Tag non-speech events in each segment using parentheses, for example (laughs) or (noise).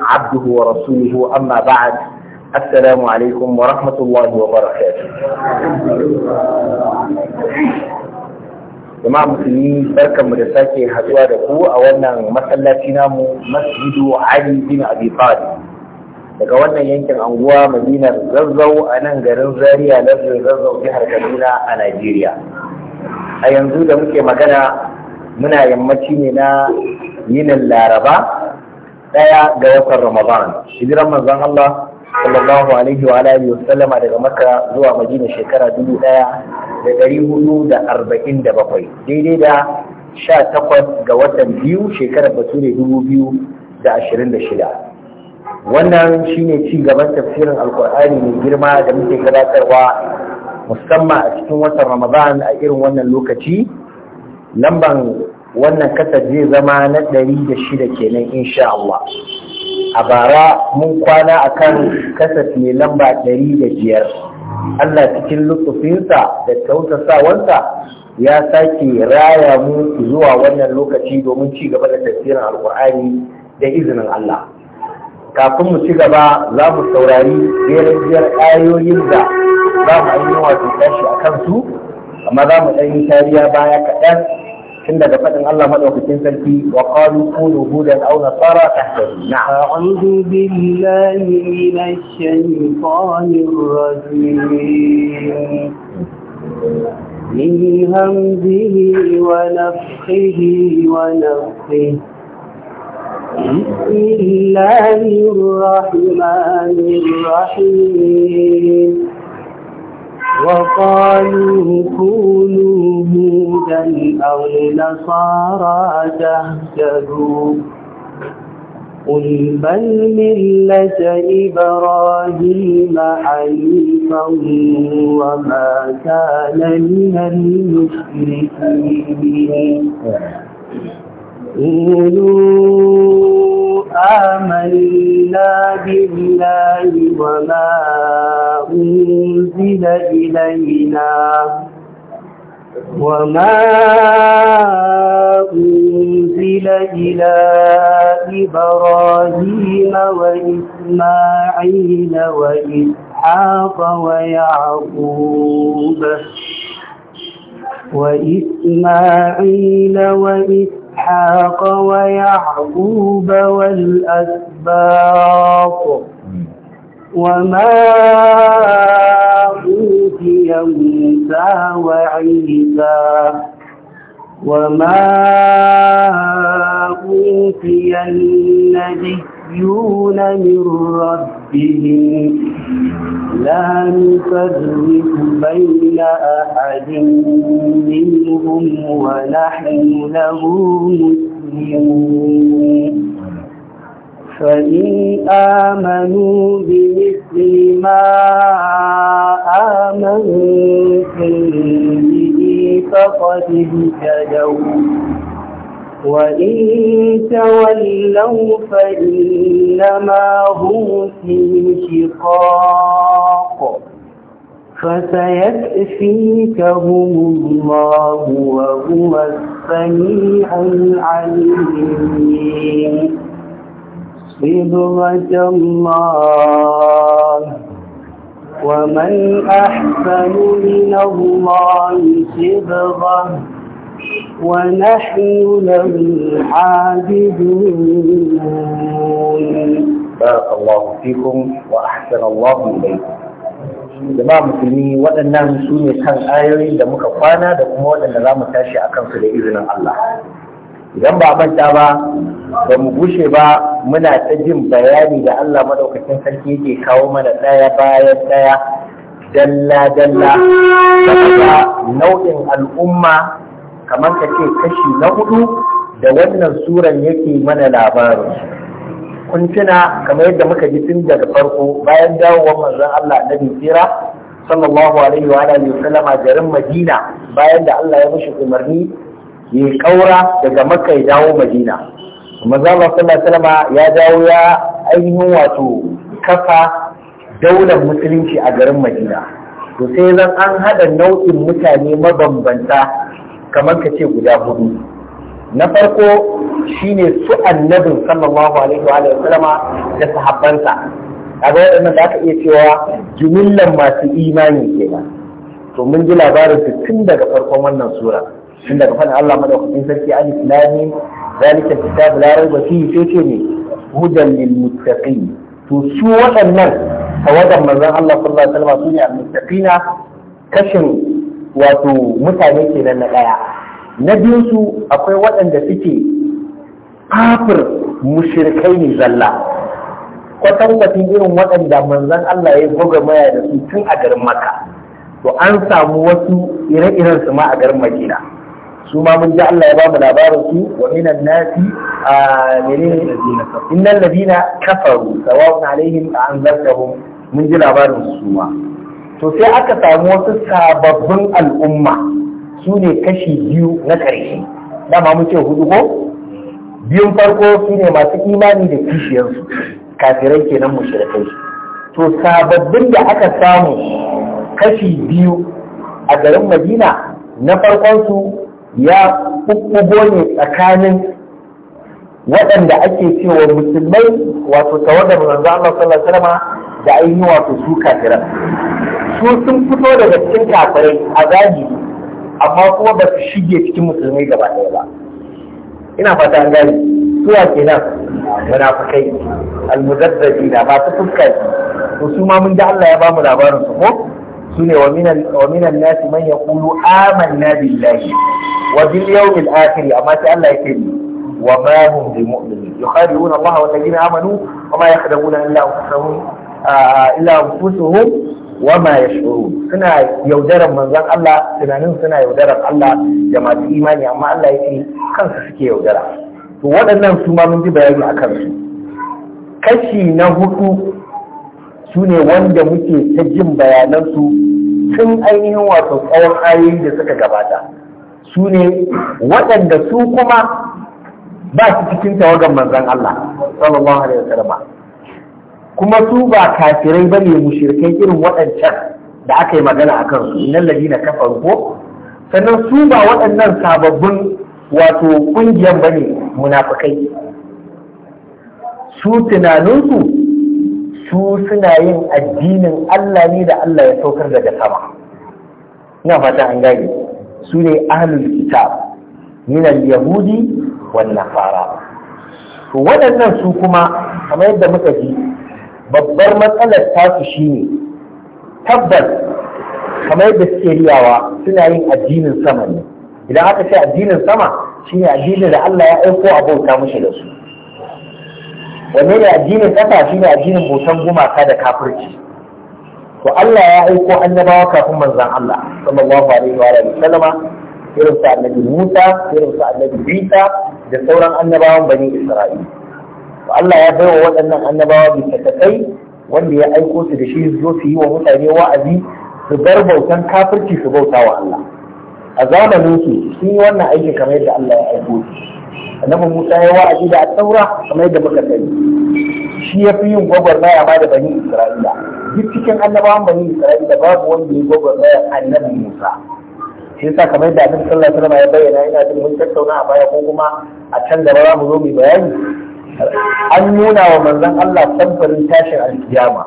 عبده ورسوله أما بعد السلام عليكم ورحمة الله وبركاته jama'a musulmi barkan mu da sake haɗuwa da ku a wannan masallaci namu masjidu ali bin daga wannan yankin anguwa madinar zazzau a nan garin zaria lardin zazzau jihar kaduna a najeriya a yanzu da muke magana muna yammaci ne na yinin laraba daya ga watan Ramadan hijiran manzon Allah sallallahu alaihi wa alihi wa sallama daga Makka zuwa Madina shekara dubu ɗaya da ɗari hudu da arba'in da bakwai daidai da sha takwas ga watan biyu shekarar bature dubu biyu da ashirin da shida wannan shine ci gaban tafsirin alkur'ani mai girma da muke gabatarwa musamman a cikin watan Ramadan a irin wannan lokaci lamban wannan kasar zai zama na ɗari da shida kenan insha Allah a bara mun kwana a kan kasar mai lamba ɗari da biyar Allah cikin lutufinsa da tausasawansa ya sake raya mu zuwa wannan lokaci domin ci gaba da tafiyar alkur'ani da izinin Allah kafin mu ci gaba za mu saurari biyar ayoyin da za mu ainihin wato tashi a kansu amma za mu ɗan yi tariya baya kaɗan عند دفن الله ما في تنسلتي وقالوا قولوا هدى او نصارى تهتدوا نعم اعوذ بالله من الشيطان الرجيم من همزه ونفخه ونفخه بسم الله الرحمن الرحيم وقالوا كونوا هودا أو نصارى تهتدوا قل بل ملة إبراهيم حنيفا وما كان من المشركين قولوا آمنا بالله وما أنزل إلينا وما أنزل إلى إبراهيم وإسماعيل وإسحاق ويعقوب وإسماعيل وإسحاق إسحاق ويعقوب والأسباط وما أوتي موسى وعيسى وما أوتي النبيون من ربهم لا نفرق بين أحد منهم ونحن له مسلمون فإن آمنوا بمثل ما آمنتم به فقد اهتدوا وإن تولوا فإنما هم في شقاق فسيكفيكهم الله وهو السميع العليم صبغة الله ومن أحسن من الله صبغه ونحن له عابدون بارك الله فيكم وأحسن الله إليكم jama'a musulmi waɗannan su ne kan ayoyin da muka kwana da kuma waɗanda za mu tashi a kansu da izinin Allah idan ba manta ba ba mu gushe ba muna ta jin bayani da Allah maɗaukacin sarki yake kawo mana ɗaya bayan ɗaya dalla dalla saboda nau'in al'umma kamar ka ce kashi na hudu da wannan suran yake mana labarin kun tuna kamar yadda muka ji tun daga farko bayan dawowar manzon Allah annabi tsira sallallahu alaihi wa alihi garin Madina bayan da Allah ya mishi umarni ya kaura daga Makka ya dawo Madina manzon Allah sallallahu alaihi ya dawo ya ainihin wato kafa daular musulunci a garin Madina to sai zan an hada nau'in mutane mabambanta kamar ka ce guda hudu na farko shine su annabin sallallahu alaihi wa sallama da sahabbansa kaga waɗannan da aka iya cewa jumillan masu imani kenan to mun ji labarin su tun daga farkon wannan sura tun daga fadin Allah madaukakin sarki alif lam zalika kitab la raiba fihi sai ce ne hudan lil muttaqin to su waɗannan tawadan manzon Allah sallallahu alaihi wasallam su ne al muttaqina kashin wato mutane ke nan na ɗaya na biyunsu akwai waɗanda suke kafir mushirkai ne zalla kwatankwacin irin waɗanda manzan Allah ya goga maya da su tun a garin maka to an samu wasu ire-iren su ma a garin madina su ma mun ji Allah ya ba mu labarin su wa minan nasi a menene innal ladina kafaru sawa'un alaihim a anzartahum mun ji labarin su ma to sai aka samu wasu sababbin al'umma su ne kashi biyu na ƙarshe dama muke hudu ko biyun farko su ne masu imani da kishiyarsu kafirai kenan mushrikai to sababbin da aka samu kashi biyu a garin madina na farkonsu ya kukkugo ne tsakanin waɗanda ake cewa musulmai wato tawagar manzo Allah sallallahu alaihi wasallam da ainihin wato su kafiran su sun fito daga cikin kafirai a zahiri amma kuma ba su shige cikin musulmai gaba ɗaya ba ina fata an gani suwa kenan munafikai almuzazzabi na ba su fuska to su ma mun ji Allah ya ba mu labarin su ko su ne wa minan nasi man yaqulu amanna billahi wa bil yawmil akhir amma sai Allah ya ni. wa ma hum bi mu'minin yukhadi'una Allah wal ladina amanu wa ma yakhda'una illa anfusahum illa anfusuhum wa ma shuru suna yaudarar manzon Allah tunanin suna yaudarar Allah da masu imani amma Allah ya ce kansu suke yaudara to waɗannan su ma mun ji bayani a kansu kashi na hudu su ne wanda muke ta jin bayanansu tun ainihin wato tsawon ayoyi da suka gabata su ne waɗanda su kuma ba su cikin tawagan manzon Allah sallallahu alaihi wasallam kuma su ba kafirai ba ne mushirkai irin waɗancan da aka yi magana a kansu innan ladina kafaru ko sannan su ba waɗannan sababbin wato ƙungiyar ba ne munafukai su tunaninsu su suna yin addinin Allah ne da Allah ya saukar daga sama ina fata an gane su ne ahlul kitab minal yahudi wan nasara waɗannan su kuma kamar yadda muka ji babbar matsalar tasu shine tabbas kamar yadda suke riyawa suna yin addinin sama ne idan aka ce addinin sama shine addinin da Allah ya aiko a bauta mushi da su wanne ne addinin kasa shine addinin bautan gumaka da kafirci to Allah ya aiko annabawa kafin manzon Allah sallallahu alaihi wa sallama irin sa annabi Musa irin sa annabi Isa da sauran annabawan bani Isra'ila Allah ya baiwa waɗannan annabawa bisakatai wanda ya aiko su da shi zo su yi wa mutane wa'azi su bar bautan kafirci su bauta wa Allah a zamanin su sun yi wannan aiki kamar yadda Allah ya aiko su annabi Musa ya wa'azi da taura kamar yadda muka sani shi ya fi yin gwagwarmaya ma da bani Isra'ila duk cikin annabawan bani Isra'ila babu wanda ya gwagwarmaya annabi Musa shi yasa kamar yadda annabi sallallahu alaihi wasallam ya bayyana ina jin mun tattauna a baya ko kuma a can gaba za mu zo mu bayani an nuna wa manzan Allah samfarin tashin alkiyama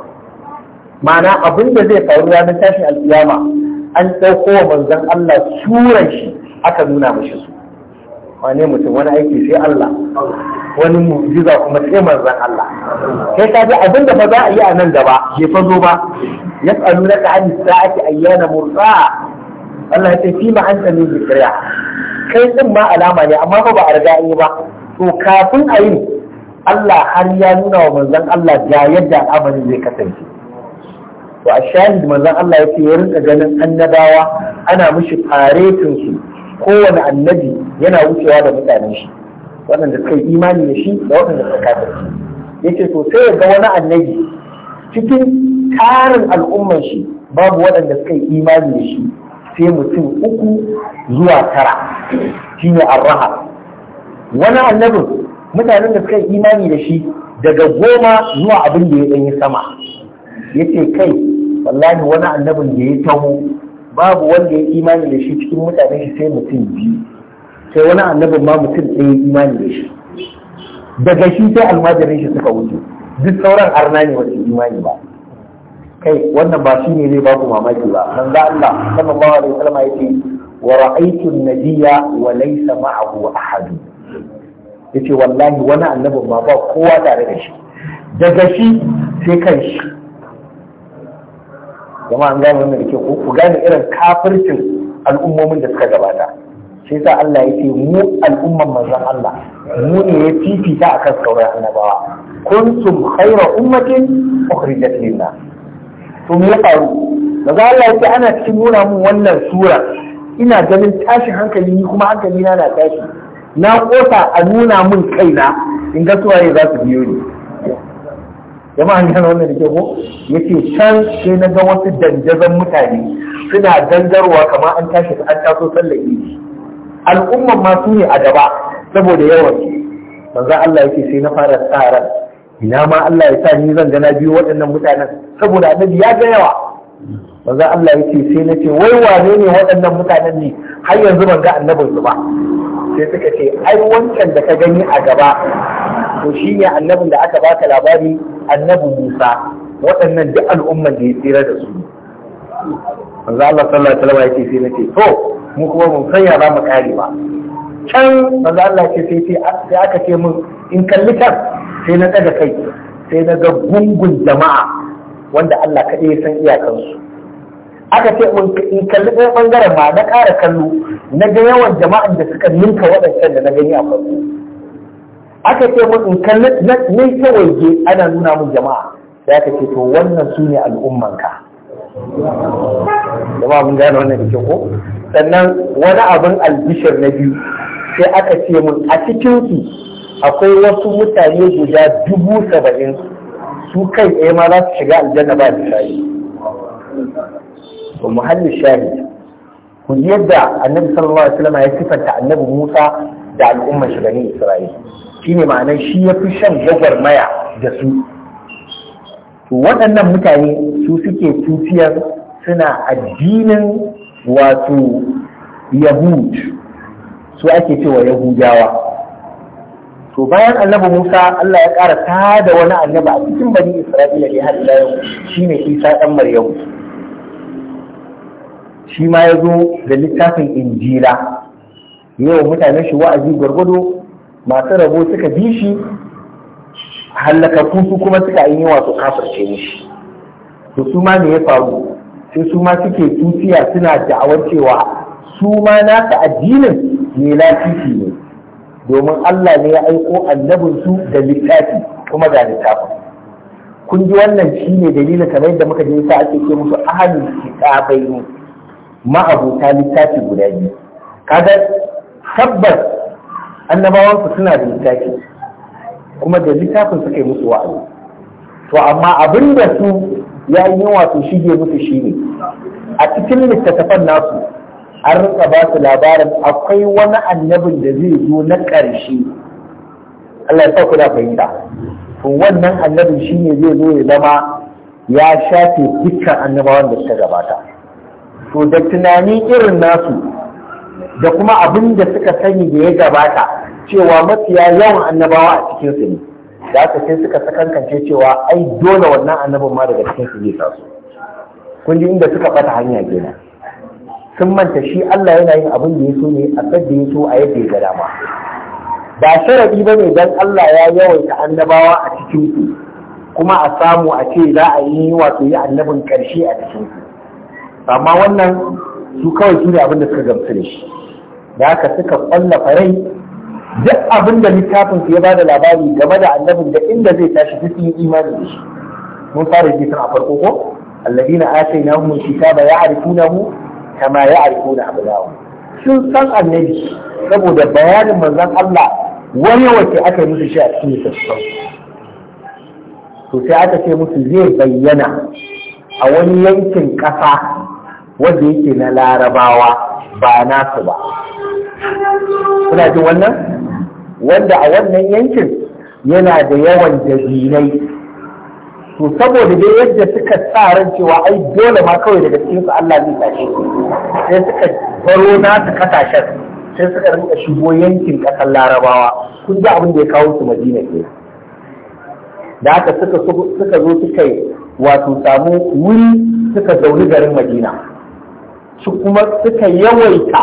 ma'ana abin da zai faru ranar tashin alkiyama an ɗauko wa manzan Allah suran shi aka nuna mashi su wane mutum wani aiki sai Allah wani mu'jiza kuma sai manzan Allah sai ka ji abin da ba za a yi a nan gaba bai fa zo ba yas'alunaka an sa'ati ayyana mursa'a Allah ya ce fi ma an tsani zikriya kai din ma alama ne amma fa ba a riga yi ba to kafin a yi Allah har ya nuna wa manzan Allah ga yadda al'amarin zai kasance to a shahid manzan Allah yake ya rinka ganin annabawa ana mishi faretin su kowane annabi yana wucewa da mutanen shi waɗanda suka yi imani da shi da waɗanda suka kafirci yake to sai ga wani annabi cikin tarin al'umman shi babu waɗanda suka yi imani da shi sai mutum uku zuwa tara shine arraha wani annabin mutanen da suka yi imani da shi daga goma zuwa abin da ya ɗanyi sama ya ce kai wallahi wani annabin da ya taho babu wanda ya imani da shi cikin mutanen shi sai mutum biyu sai wani annabin ma mutum ɗaya ya imani da shi daga shi sai almajirin shi suka wuce duk sauran arna ne wanda imani ba kai wannan ba shi ne zai ba ku mamaki ba za Allah sallallahu alaihi wasallam ya ce wa ra'aytu an-nabiyya wa laysa ma'ahu ahadun yace wallahi wani annabin ma ba kowa tare da shi daga shi sai kan shi jama'a an gane wannan da ke ku gane irin kafircin al'ummomin da suka gabata sai sa Allah ya ce mu al'umman manzon Allah mu ne ya fifita a kan sauran annabawa kuntum khayra ummatin ukhrijat lin to me faru daga Allah ya ce ana cikin nuna mun wannan sura ina ganin tashin hankali ni kuma hankali na na tashi na kosa a nuna mun kaina in ga suwaye za su biyo ni jama'a an gano wannan da ke ko ce can sai na ga wasu dandazon mutane suna dangarwa kamar an tashi an taso sallar idi al'umman ma su ne a gaba saboda yawan manzo Allah yake sai na fara tsaran ina ma Allah ya sa ni zan gana biyu waɗannan mutanen saboda annabi ya ga yawa manzo Allah yake sai na ce wai wane ne waɗannan mutanen ne har yanzu ban ga annabin su ba sai suka ce ai wancan da ka gani a gaba to shi ne annabin da aka baka labari annabi Musa waɗannan duk al'umman da ya tsira da su manzo Allah sallallahu alaihi wasallam yake sai nace to mu kuma mun san ya mu kare ba can manzo Allah ce sai sai aka ce mun in kalli can sai na daga kai sai na ga gungun jama'a wanda Allah kaɗai ya san iyakansu aka ce in kalli ɗaya ɓangaren ma na ƙara kallo na ga yawan jama'an da suka ninka waɗancan da na gani a farko aka ce mun in kalli na ta waje ana nuna mun jama'a da aka ce to wannan su ne al'ummanka jama'a mun gane wannan da ke ko sannan wani abin albishir na biyu sai aka ce mun a cikinsu akwai wasu mutane guda dubu saba'in su kai ɗaya ma za su shiga aljanna ba da shayi to muhallu shahid ku ji yadda annabi sallallahu alaihi wasallam ya sifanta annabi Musa da al'ummar shi bani Isra'il shine ma'anar shi ya fi shan gwagwarmaya da su to waɗannan mutane su suke tutiyar suna addinin wato yahud su ake cewa yahudawa to bayan annabi Musa Allah ya ƙara tada wani annabi a cikin bani Isra'ila ya har ila yau shine Isa ɗan Maryamu shi ma ya zo da littafin injila yau mutane shi wa'azi gwargwado masu rabo suka bi shi hallakaku su kuma suka yi wasu kafirce mishi to su ma me ya faru sai su ma suke tutiya suna da'awar cewa su ma nasa addinin mai lafifi ne domin Allah ne ya aiko annabinsu da littafi kuma ga littafin kun ji wannan shine dalilin kamar yadda muka je sa ake ce musu ahlul kitabai ne ma'abuta littafi guda biyu kaga tabbas annabawansu suna da littafi kuma da littafin suka yi musu wa'azi to amma abin da su ya yi wato shige musu shi ne a cikin littattafan nasu an rika ba su labarin akwai wani annabin da zai zo na ƙarshe Allah ya sa ku da fahimta to wannan annabin shi ne zai zo ya zama ya shafe dukkan annabawan da suka gabata to da tunani irin nasu da kuma abin da suka sani da ya gabata cewa mafiya yawan annabawa a cikin su ne da aka sai suka sakankance cewa ai dole wannan annabin ma daga cikin su zai taso kun ji inda suka bata hanya kenan sun manta shi Allah yana yin abin da ya so ne a sadda ya so a yadda ya ga dama ba sharadi ba ne don Allah ya yawaita annabawa a cikin ku kuma a samu a ce za a yi wato yi annabin karshe a cikin ku amma wannan su kawai su ne abin da suka gamsu da shi da haka suka kwalla farai duk abin da littafin su ya ba da labari game da annabin da inda zai tashi su sun yi imani da shi mun fara ji a farko ko na mun ba alladina atainahum kitaba ya'rifunahu kama ya'rifuna abna'ahum sun san annabi saboda bayanin manzon Allah wani wace aka yi musu shi a cikin sassan to sai aka ce musu zai bayyana a wani yankin ƙasa wanda yake na larabawa ba nasu ba kuna jin wannan wanda a wannan yankin yana da yawan dabinai to saboda dai yadda suka ran cewa ai dole ma kawai daga cikin su Allah zai tashi sai suka baro nasu kasashen sai suka rinka shigo yankin ƙasar larabawa kun ji abin da ya kawo su madina ke da haka suka zo suka yi wato samu wuri suka zauni garin madina su kuma suka yawaita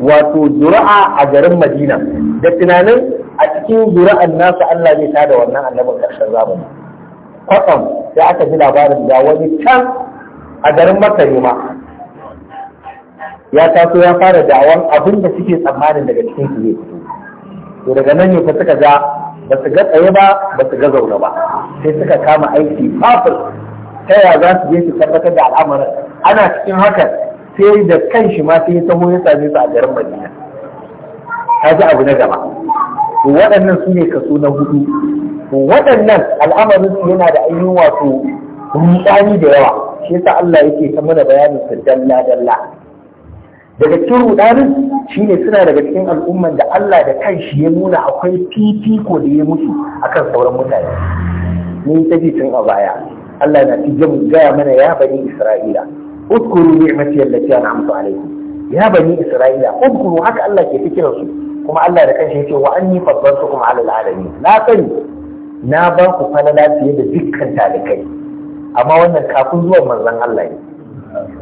wato zuri'a a garin madina da tunanin a cikin zuri'an nasu allah zai tada wannan annabin ƙarshen zamani kwatsam sai aka ji labarin da wani can a garin maka ma ya taso ya fara da'awan abin da suke tsammanin daga cikin su zai fito to daga nan ne fa suka ga ba su ga tsaye ba ba su ga zaune ba sai suka kama aiki Fafil ta yaya za su je su tabbatar da al'amarin ana cikin hakan sai da kanshi ma sai ya taho ya same su a garin madina ta ji abu na gaba waɗannan su ne kaso na hudu waɗannan al'amarin su yana da ainihin wato rutsani da yawa shi yasa Allah yake ta mana bayanin su dalla dalla daga cikin rudanin ne suna daga cikin al'umman da Allah da kan shi ya nuna akwai fifiko da ya mutu akan sauran mutane ni ta ji tun a baya Allah na fi gaya mana ya bani Isra'ila اذكروا نعمتي التي انعمت ala'iku. Ya بني Isra'ila. اذكروا haka Allah ke fikirar su kuma Allah da kanshi ce wa anni faddaltukum ala alalamin na sani na ba ku falala fiye da dukkan talikai amma wannan kafin zuwan manzon Allah ne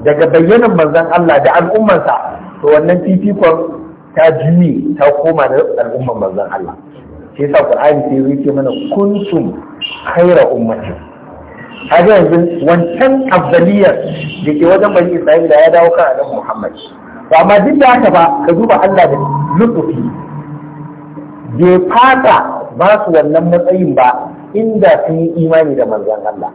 daga bayyanan manzon Allah da al'ummarsa to wannan fifikon ta juye ta koma da al'ummar manzon Allah shi yasa Qur'ani sai yake mana kuntum khaira ummatin kaga yanzu wancan afdaliyar da ke wajen bani isra'ila ya dawo kan annabi muhammad to amma duk da haka ba ka duba allah da lutsufi bai fata ba su wannan matsayin ba inda sun yi imani da manzon allah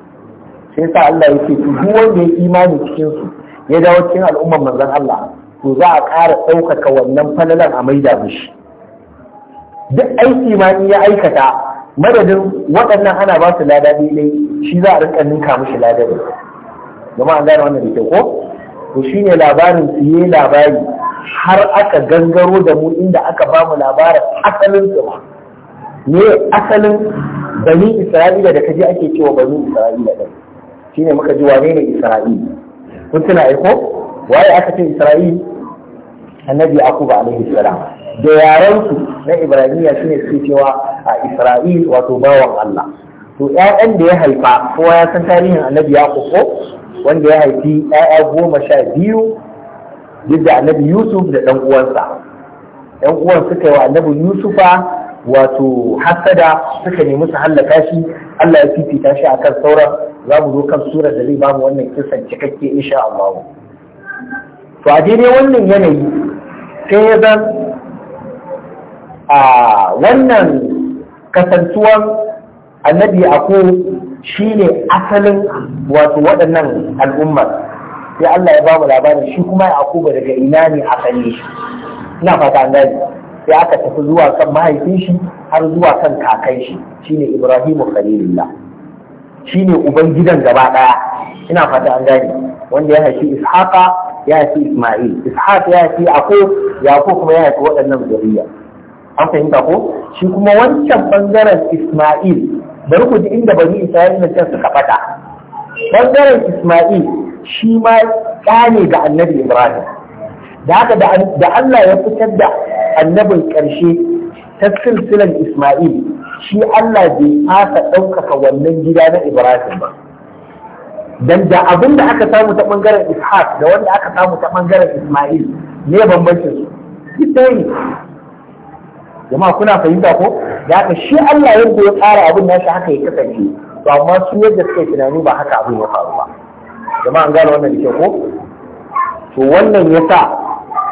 sai sa allah ya ce duk wanda ya yi imani cikin su ya dawo cikin al'ummar manzon allah to za a ƙara ɗaukaka wannan falalar a maida mishi duk aiki ma in ya aikata madadin waɗannan ana ba su lada daidai shi za a rinka ninka mishi lada ne gama an gane wannan da kyau ko to ne labarin siye labari har aka gangaro da mu inda aka ba mu labarin asalin su ne asalin bani isra'ila da kaji ake cewa bani isra'ila ɗin ne muka ji wane ne isra'ila kun tuna aiko waye aka ce isra'ila annabi akuba alaihi salam da yaran na ibrahimiya shine suke cewa a Isra'il wato bawan Allah to yayan da ya haifa kowa ya san tarihin annabi ya Yaqub wanda ya haifi yaya goma sha biyu duk da annabi Yusuf da ɗan uwansa ɗan uwan suka yi wa annabi Yusufa wato hasada suka nemi su hallaka shi Allah ya fifita shi kan sauran za mu zo kan surar da zai ba mu wannan kisan cikakke insha Allah to a daidai wannan yanayi sai ya zan wannan kasantuwan annabi ako shi ne asalin wato waɗannan al'ummar sai Allah ya ba mu labarin shi kuma ya ba daga ina ne asali shi ina fata an gani sai aka tafi zuwa kan mahaifin shi har zuwa kan kakan shi ne Ibrahimu Khalilullah ne uban gidan gaba ɗaya ina fata an gani wanda ya haifi Ishaqa ya haifi Isma'il Ishaq ya haifi Aqub Yaqub kuma ya haifi waɗannan zuriya an fahimta ko shi kuma wancan bangaren Isma'il bari ku ji inda bani Isra'ila can suka fada bangaren Isma'il shi ma ne ga annabi Ibrahim da haka da Allah ya fitar da annabin ƙarshe ta silsilan Isma'il shi Allah bai fasa ɗaukaka wannan gida na Ibrahim ba dan da abin da aka samu ta bangaren Ishaq da wanda aka samu ta bangaren Isma'il ne bambancin su jama'a kuna fahimta ko da haka shi Allah yadda ya tsara abin nashi haka ya kasance to amma su yadda suke tunani ba haka abin ya faru ba jama'a an gane wannan dake ko to wannan yasa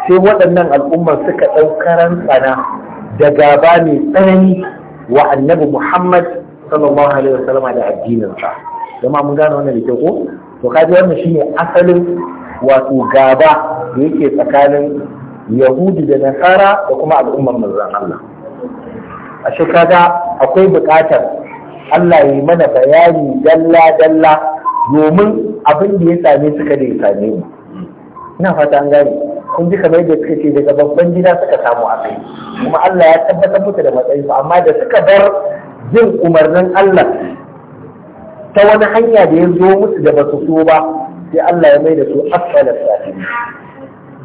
sai waɗannan al'ummar suka ɗaukaran tsana da gaba mai tsanani wa annabi Muhammad sallallahu alaihi wasallam da addininsa jama'a mun gane wannan dake ko to kaji wannan shine asalin wato gaba da yake tsakanin yahudi da nasara da kuma al'ummar manzon Allah a shekara akwai buƙatar Allah ya yi mana bayani dalla dalla domin abin da ya same su kada ya same mu ina fata an gane kun ji kamar yadda suka ce daga babban gida suka samu akai kuma Allah ya tabbatar mutu da matsayin amma da suka bar jin umarnin Allah ta wani hanya da ya zo musu da ba su so ba sai Allah ya mai da su asfalar safi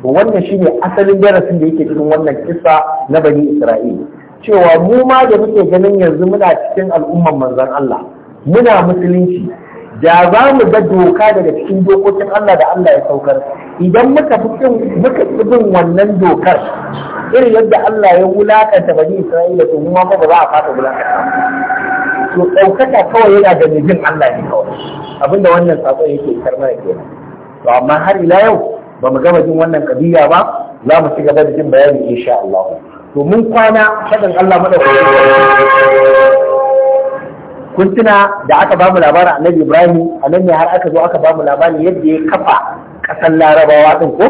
to wannan shine asalin darasin da yake cikin wannan kisa na bani isra'ila cewa mu ma da muke ganin yanzu muna cikin al'umman manzon Allah muna musulunci da za mu ga doka daga cikin dokokin Allah da Allah ya saukar idan muka fi muka bin wannan dokar irin yadda Allah ya wulakanta bani Isra'ila to mu ma ba za a fata wulakanta to ɗaukaka kawai yana da jin Allah ne kawai abinda wannan sako yake karmar kenan to amma har ila yau ba mu gama jin wannan kabiya ba za mu ci gaba da jin bayani insha Allah to mun kwana fadin Allah madaukakin kun tuna da aka ba mu labarin Annabi Ibrahim a nan har aka zo aka ba mu labarin yadda ya kafa kasar Larabawa din ko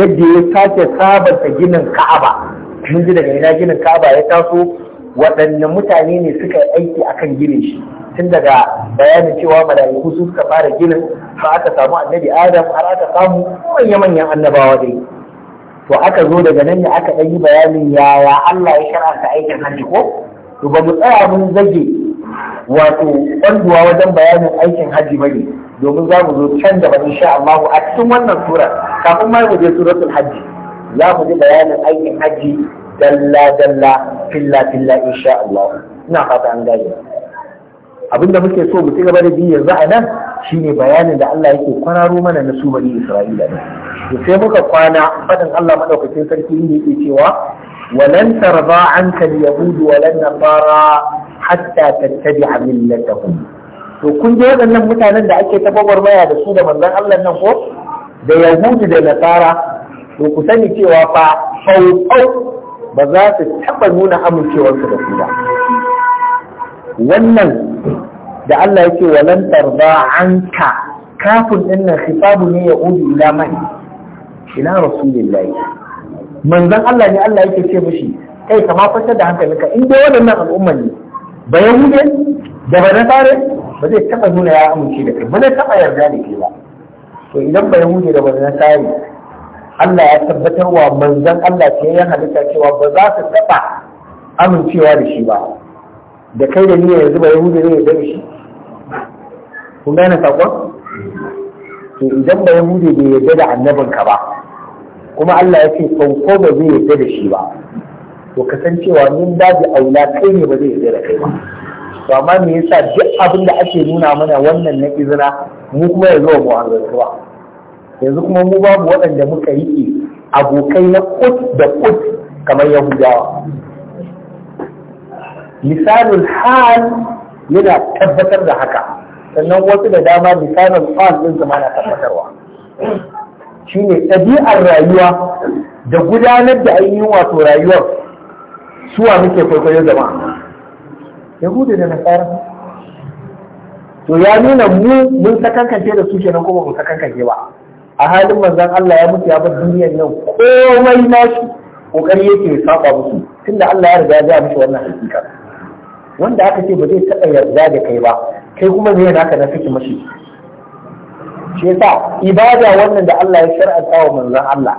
yadda ya sake sabanta ginin Ka'aba mun ji daga ina ginin Ka'aba ya taso waɗanne mutane ne suka yi aiki akan ginin shi tun daga bayanin cewa mala'iku su suka fara ginin har aka samu annabi adam har aka samu manya-manyan annabawa dai to aka zo daga nan ne aka ɗan yi bayanin yaya Allah ya shar'anta aikin hajji ko to ba mu tsaya mun zage wato kwanduwa wajen bayanin aikin hajji bane domin za mu zo can da ban insha Allah a cikin wannan sura kafin ma mu je suratul hajji za mu ji bayanin aikin hajji dalla dalla filla filla insha Allah ina fata an gane Abin da muke so mu ci gaba da bi yanzu a nan shine bayanin da Allah yake kwararo mana na su bani Isra'ila ne to sai muka kwana fadin Allah madaukakin sarki ne yake cewa walan tarza anka al-yahud walan nasara hatta tattabi'a millatahum to kun ji waɗannan mutanen da ake tababar maya da su da manzon Allah nan ko da yahudu da nasara to ku sani cewa fa fauƙau ba za su taɓa nuna amincewarsu da su ba wannan da Allah yake walan tarda anka kafin din nan khitabu ne ya udu ila mai ila rasulillahi manzon Allah ne Allah yake ce mishi kai ka ma fitar da hankalinka in dai waɗannan al'umman ne ba yahude da ba na fare ba zai taba nuna ya amince da kai ba zai taba yarda da kai ba to idan ba yahude da ba na fare Allah ya tabbatar wa manzon Allah ce ya halitta cewa ba za su taba amincewa da shi ba da kai da niyyar yanzu ba yahudu ne ya shi kun gane sakon to idan ba yahudu bai yarda da annabin ka ba kuma Allah ya ce sauko ba zai yarda da shi ba to kasancewa min babu aula kai ne ba zai yarda da kai ba to amma me yasa duk abin da ake nuna mana wannan na izina mu kuma yanzu ba mu hanzarta ba yanzu kuma mu babu waɗanda muka yi abokai na kut da kut kamar yahudawa misalin hal yana tabbatar da haka sannan wasu da dama misalin hal din zama na tabbatarwa Shi ne ɗabi'ar rayuwa da gudanar da ainihin wato rayuwar suwa muke kwaikwayo zama yahudu da nasara to ya nuna mu mun sakankance da su kenan kuma mun sakankance ba a halin manzon Allah ya mutu ya bar duniyar nan komai nashi kokari yake saba musu tunda Allah ya riga ya ga mishi wannan hakika wanda aka ce ba zai taɓa yarda da kai ba kai kuma zai naka na saki mashi shi yasa ibada wannan da Allah ya shar'anta wa manzon Allah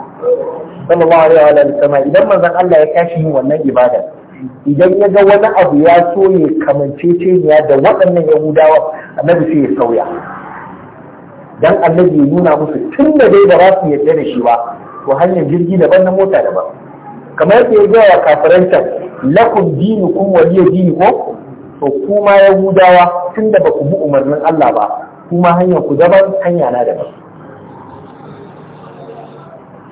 sallallahu alaihi wa sallam idan manzon Allah ya kashi yin wannan ibada idan ya ga wani abu ya so ya kamanceceniya da waɗannan yahudawa annabi sai ya sauya dan annabi ya nuna musu tun da dai ba za su yarda da shi ba to hanyar jirgi daban na mota daban kamar yadda ya gaya kafirancan lakum dinukum waliya dini ko to kuma yahudawa tunda ba ku bi umarnin Allah ba kuma hanyar ku daban hanya na daban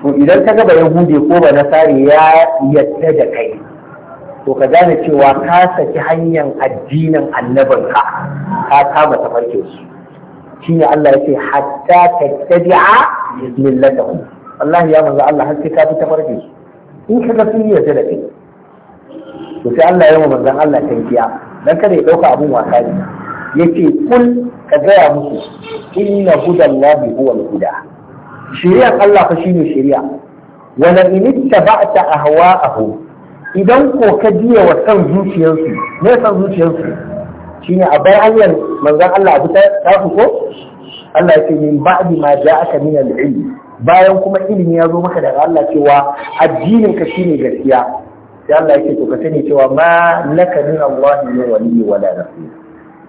to idan ka ga ba yahude ko ba nasare ya yadda da kai to ka gane cewa ka saki hanyar addinin annabinka ka kama tafarkin su shine Allah ya yake hatta tattabi'a millatahum Allah ya manzo Allah har sai ka ta tafarkin su in ka ga sun yadda da kai to sai Allah ya yi manzon Allah tankiya dan kada ya dauka abun wasa ne yace kul ka gaya musu inna hudallahi huwal huda shari'ar Allah fa shine shari'a wala in ittaba'ta ahwa'ahum idan ko ka biya wa san zuciyarsu me san zuciyarsu shine a bar hanyar manzon Allah abu ta ku ko Allah yake min ba'di ma ja'aka min al-ilm bayan kuma ilimi ya zo maka daga Allah cewa addinin ka shine gaskiya sai Allah yake to ka sani cewa ma laka min Allah min wali wala nasir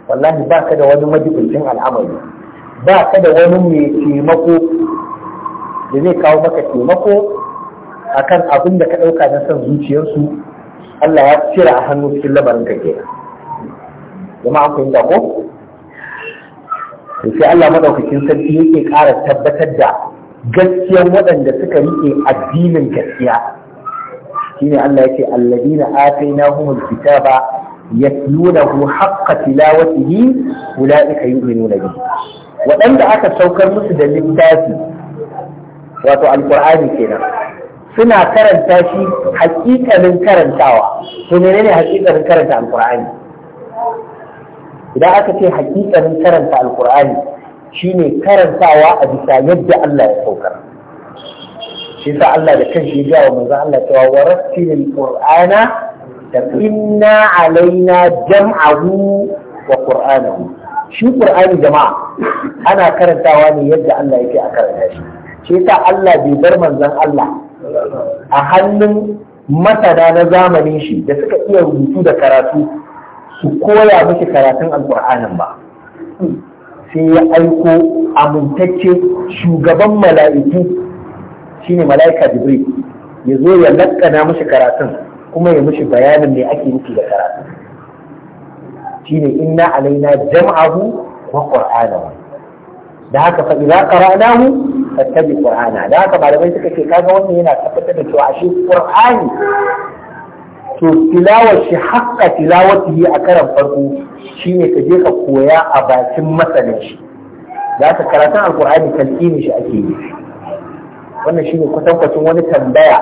wallahi ba ka da wani majibincin al'amari Ba ka da wani mai taimako da zai kawo maka taimako akan abin da ka dauka na san zuciyarsu Allah ya cira a hannu cikin labarin ka kenan jama'a kun da ko sai Allah madaukakin sarki yake ƙara tabbatar da gaskiyar waɗanda suka rike addinin gaskiya shine Allah yake alladina atainahumul kitaba yatlunahu haqqa tilawatihi ulaika yu'minuna bihi waɗanda aka saukar musu da littafi wato alqur'ani kenan suna karanta shi hakikalin karantawa to menene hakikalin karanta alqur'ani idan aka ce hakikalin karanta alqur'ani shine karantawa a bisa yadda Allah ya saukar shi Allah da kanshi ya jawo manzon Allah cewa wa rattilil qur'ana inna alaina jam'ahu wa qur'anahu shi qur'ani jama'a ana karantawa ne yadda Allah yake a karanta shi shi Allah bai bar manzon Allah a hannun masana na zamanin shi da suka iya rubutu da karatu su koya miki karatun alƙur'anin ba sai ya aiko amintacce shugaban mala'iku shine mala'ika jibril ya zo ya lakkana mashi karatun kuma ya mashi bayanin me ake nufi da karatun shine inna alaina jam'ahu wa qur'anahu da haka fa idza qara'nahu fattabi qur'ana da haka malamai suka ce kaga wannan yana tabbatar da cewa shi qur'ani to tilawar shi haƙƙa tilawatihi a karan farko shine ka je ka koya a bakin masanin shi za ka karatun alƙur'ani talqini shi ake yi wannan shine kwatankwacin wani tambaya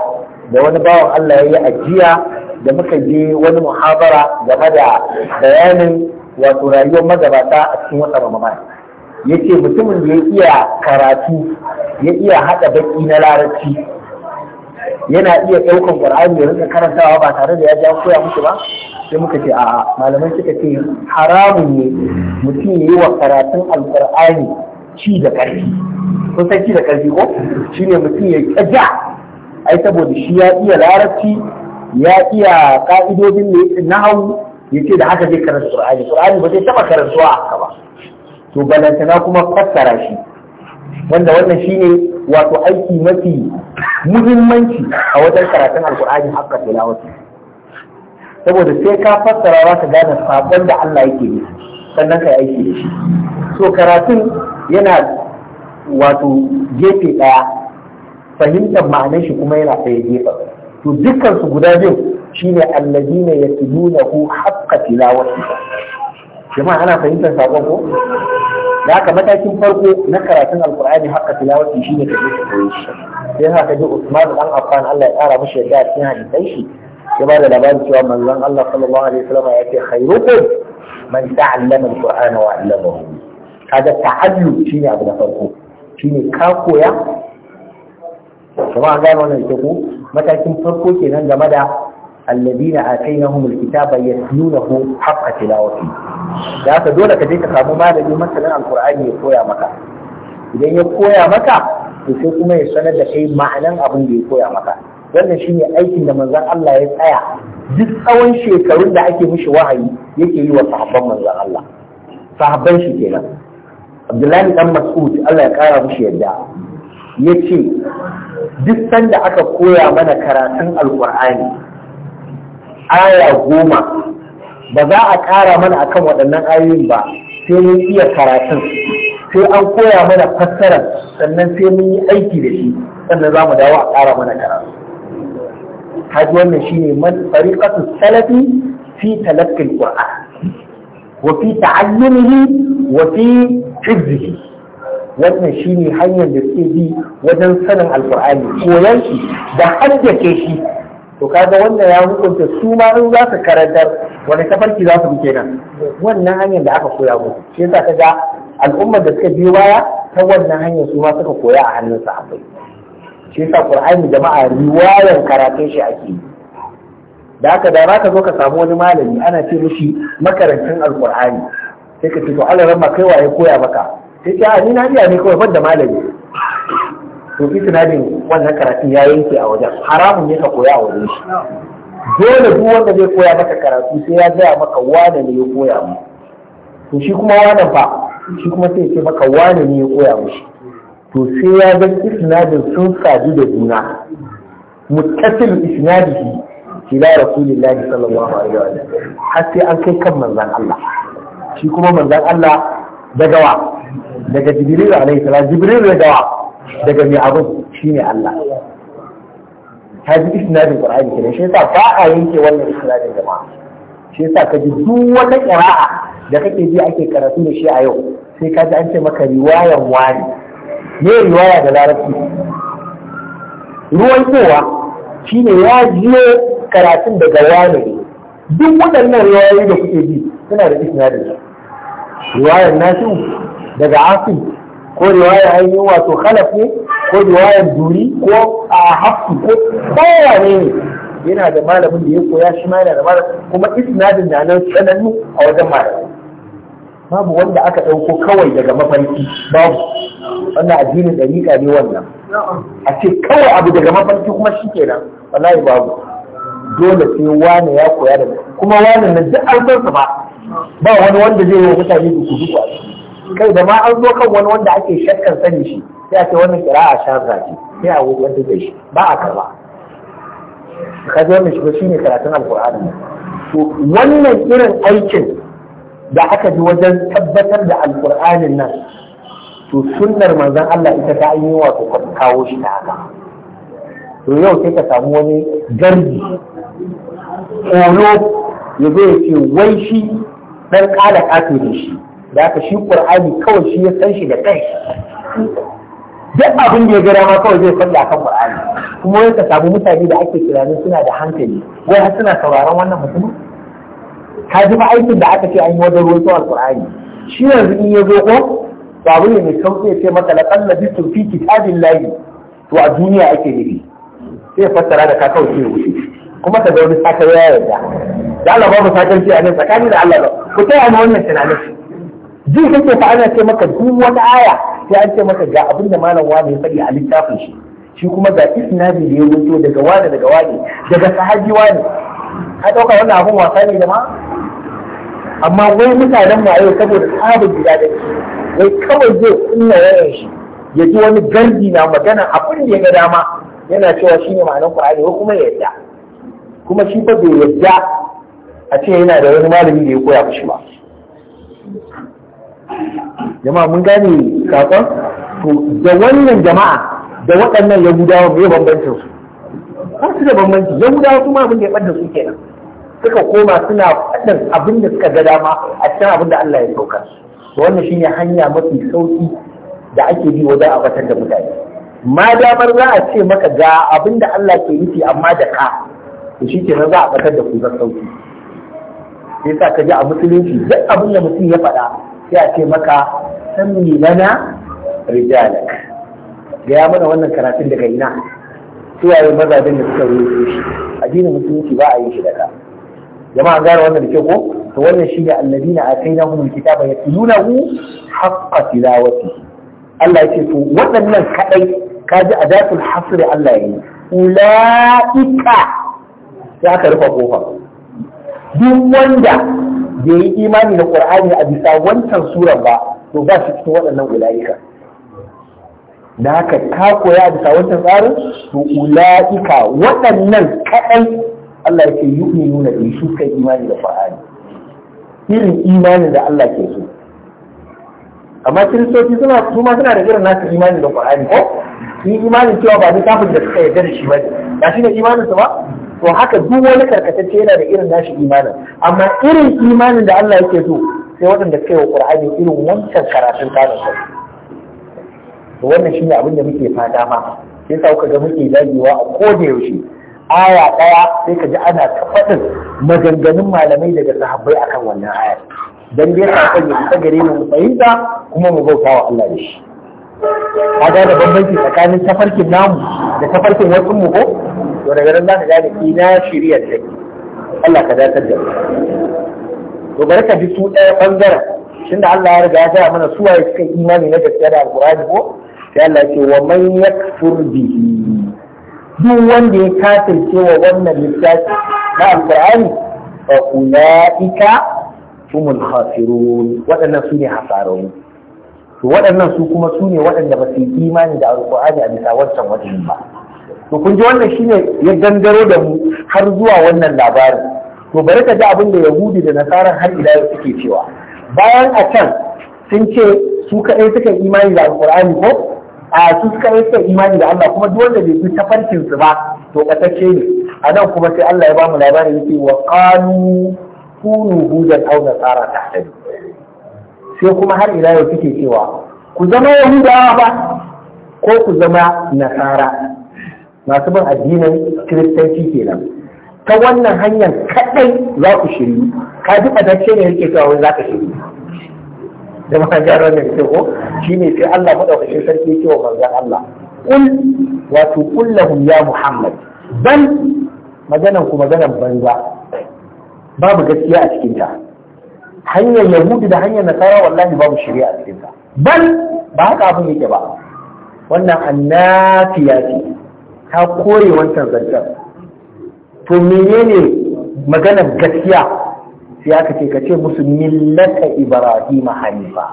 da wani bawan Allah ya yi ajiya da muka je wani muhabara game da bayanin wato rayuwar magabata a cikin wata ramadan ya ce mutumin da ya iya karatu ya iya haɗa baki na larabci yana iya ɗaukan ƙwar'ani ya rinka karantawa ba tare da ya ja koya musu ba sai muka ce a malamai suka ce haramun ne mutum ya yi wa karatun alƙur'ani ci da ƙarfi kun san ci da ƙarfi ko ne mutum ya kaja ai saboda shi ya iya larabci ya iya ka'idodin ne na hau ya ce da haka zai karanta Qur'ani Qur'ani ba zai taba karantuwa a haka ba to na kuma fassara shi wanda wannan shine wato aiki mafi muhimmanci a wajen karatun alkur'ani haka tilawati saboda sai ka fassara za ka gane sakon da Allah yake yi sannan ka yi aiki da shi so karatun yana wato gefe ɗaya fahimtar ma'anar shi kuma yana ɗaya gefen to dukkan su guda biyu shine allazina yatlunahu haqqa tilawati jama'a ana fahimtar sakon ko da haka matakin farko na karatun alqur'ani haqqa tilawati shine kaje ka koyi shi sai haka kaje Usman dan Affan Allah ya kara mishi yadda cikin hadisan shi ya ba da labarin cewa manzon Allah sallallahu alaihi wasallam ya ce khairukum man ta'allama alqur'ana wa 'allamahu kaga ta'allu shine abu na farko shine ka koya kuma gano wannan matakin farko kenan game da alladina atainahumul kitaba yatlunahu haqqa tilawati da haka dole ka je ka samu malami masalan alqur'ani ya koya maka idan ya koya maka to sai kuma ya sanar da kai ma'anan abin da ya koya maka wannan shine aikin da manzon Allah ya tsaya duk tsawon shekarun da ake mishi wahayi yake yi wa sahabban manzon Allah sahabban shi kenan abdullahi dan mas'ud Allah ya kara mushi yadda yace duk sanda aka koya mana karatun alqur'ani aya goma ba za a kara mana akan waɗannan ayoyin ba sai mun iya karatun sai an koya mana fassara sannan sai mun yi aiki da shi sannan za mu dawo a kara mana karatu haji wannan shine man fariqatu salafi fi talaqqi alqur'an wa fi ta'allumihi wa fi hizbihi wannan shine hanyar da suke bi wajen sanin alkur'ani koyan shi da haddace shi to kaga wannan ya hukunta su ma in za su karantar wani tafarki za su bi kenan wannan hanyar da aka koya musu shi yasa kaga al'ummar da suka biyo baya ta wannan hanyar su ma suka koya a hannun sahabbai shi yasa qur'ani jama'a riwayar karatun shi ake yi da haka da za ka zo ka samu wani malami ana ce mishi makarantun alkur'ani sai ka ce to Allah ramma kai waye koya maka sai ka ni na iya ne kawai banda malami to itinadin wannan karatun ya yanke a wajen haramun ne ka koya a wajen shi dole duk wanda zai koya maka karatu sai ya gaya maka wane ne ya koya mu to shi kuma wane fa shi kuma sai ce maka wane ne ya koya mu shi to sai ya ga isnadin sun sadu da juna muttasil isnadihi ila rasulillahi sallallahu alaihi wa sallam har sai an kai kan manzon Allah shi kuma manzon Allah daga gawa daga jibril alaihi salam jibril daga gawa daga mai abin ne Allah ta ji isnadin qur'ani kenan shi yasa ba a yanke wannan isnadin jama'a shi yasa ka ji duk wata qira'a da kake ji ake karatu da shi a yau sai ka ji an ce maka riwayar wani me riwaya da larabci ruwan kowa shi ne ya jiyo karatun daga wani duk waɗannan riwayoyi da kuke ji suna da isnadin riwayar nafi'u daga asim ko riwayar ainihin wato khalaf ne ko riwayar duri ko a Hafsu ko kowane ne yana da malamin da ya koya shi ma yana da malamin kuma isnadin na nan sanannu a wajen malamin babu wanda aka ɗauko kawai daga mafarki babu wannan addinin dariƙa ne wannan a ce kawai abu daga mafarki kuma shi kenan wallahi babu dole sai wane ya koya da kuma wane na duk albarsa ba ba wani wanda zai yi mutane duku duku a kai da ma an zo kan wani wanda ake shakkan sani shi sai a ce wannan a sha zafi sai a wuce wanda zai shi ba a karba ka zo mai shiga ne karatun alkur'ani to wannan irin aikin da aka ji wajen tabbatar da alkur'anin nan to sunnar manzon Allah ita ta yi wato kawo shi ta haka to yau sai ka samu wani garbi ƙolo ya zo ya ce wai shi dan kala kato da shi da aka shi qur'ani kawai shi ya san shi da kai duk abin da ya gara ma kawai zai faɗi akan qur'ani kuma wai ka samu mutane da ake tunanin suna da hankali wai har suna sauraron wannan mutumin ka ji fa aikin da aka ce an yi wajen ruwan tsawon qur'ani shi yanzu in ya zo ko oh, babu ne mai sauƙi ya ce maka bi tu fi kitabillahi to a duniya ake nufi sai fassara da ka kawai ke wuce kuma ka zaune saka ya da da Allah babu sakanci a nan tsakani da Allah ba ku taya ni wannan tunanin ji kake fa ana ce maka duk wata aya sai an ce maka ga abin da malam wani ya faɗi a littafin shi shi kuma ga isnadi da ya wuce daga wani daga wani daga sahabi wani ka ɗauka wannan abun wasa ne da ma amma wai mutanen ma yau saboda tsabin gida da wai kawai zai kunna wayar shi ya ji wani gardi na magana abin da ya ga dama yana cewa shine ma'anar Qur'ani ko kuma ya yadda kuma shi fa bai yarda a ce yana da wani malami da ya koya shi ba jama'a mun gane sakon to da wannan jama'a da waɗannan yahudawa mai bambancin su har su da bambanci yahudawa su ma abin da ya ɓadda su kenan suka koma suna faɗin abin da suka ga dama a cikin abin da Allah ya sauka wannan shine hanya mafi sauki da ake bi wajen a batar da mutane ma damar za a ce maka ga abin da Allah ke nufi amma da ka to shi kenan za a batar da ku zan sauki yasa ka ji a musulunci duk abin da mutum ya faɗa sai a ce maka sanni lana rijalak gaya mana wannan karatun daga ina suwaye mazajen da suka rufe shi addinin musulunci ba a yi shi ka. jama'a gara wannan da ke ko to wannan shi ne na atainahumul kitaba yatlunahu haƙƙa tilawati Allah ce to waɗannan kadai kaji adatul hasri Allah ya yi. ulaika sai aka rufe kofar. duk wanda bai yi imani da qur'ani a bisa wancan surar ba to ba su cikin waɗannan ula'ika da haka ka koya a bisa wancan tsarin to ula'ika waɗannan kaɗai Allah ya ce yi nuna da su kai imani da qur'ani irin imanin da Allah ke so amma kiristoci suna su suna da irin nasu imani da qur'ani ko yi imanin cewa ba ni kafin da suka yarda da shi ba ne ba shi ne imanin su ba to haka duk wani karkatacce yana da irin nashi imanin amma irin imanin da Allah yake so sai waɗanda suka yi wa Qur'ani irin wancan karatun tsarin sa to wannan shine abin da muke fata ma sai sa kuka ga muke dagewa a koda yaushe aya ɗaya sai ka ji ana ta faɗin maganganun malamai daga sahabbai akan wannan ayar dan dai sakon ya isa gare mu fahimta kuma mu bauta wa Allah da shi kaga da bambanci tsakanin tafarkin namu da tafarkin wasu mu ko to daga nan za ka gane ina shirya ta take Allah ka dakatar da to bari ka ji su ɗaya ɓangaren da Allah ya riga ya gaya mana su waye suka imani na gaskiya da alkurani ko sai Allah ce wa man yakfur bihi duk wanda ya kafirce wa wannan littafi na alkurani fa ulaika humul khasirun waɗannan su ne hasararru to waɗannan su kuma su ne waɗanda ba su yi imani da alkurani a bisa wancan wajen ba to kun ji wannan shine ya gangaro da mu har zuwa wannan labarin to bari ka ji abin da yahudi da nasara har ila yau suke cewa bayan a can sun ce su kaɗai suka imani da alƙur'ani ko a su suka yi suka imani da Allah kuma duk wanda bai bi tafarkin su ba to katacce ne a nan kuma sai Allah ya bamu labarin yake wa qalu kunu hudan aw nasara tahtadu sai kuma har ila yau suke cewa ku zama yahudawa ba ko ku zama nasara masu bin addinin kiristanci kenan ta wannan hanyar kaɗai za ku shiri ka ji fatacce ne yake cewa wani za ka shiri da ma gyara wannan ko shi ne sai Allah maɗaukacin sarki ya ce wa manzan Allah kul wato kullahum ya Muhammad ban maganan ku maganan banza babu gaskiya a cikinta. hanyar yahudi da hanyar nasara wallahi babu shari'a a cikinta. bal ba haka abin yake ba wannan annafiya ce ta kore wancan zancen to menene maganar gaskiya sai aka ce ka ce musu millata ibrahim hanifa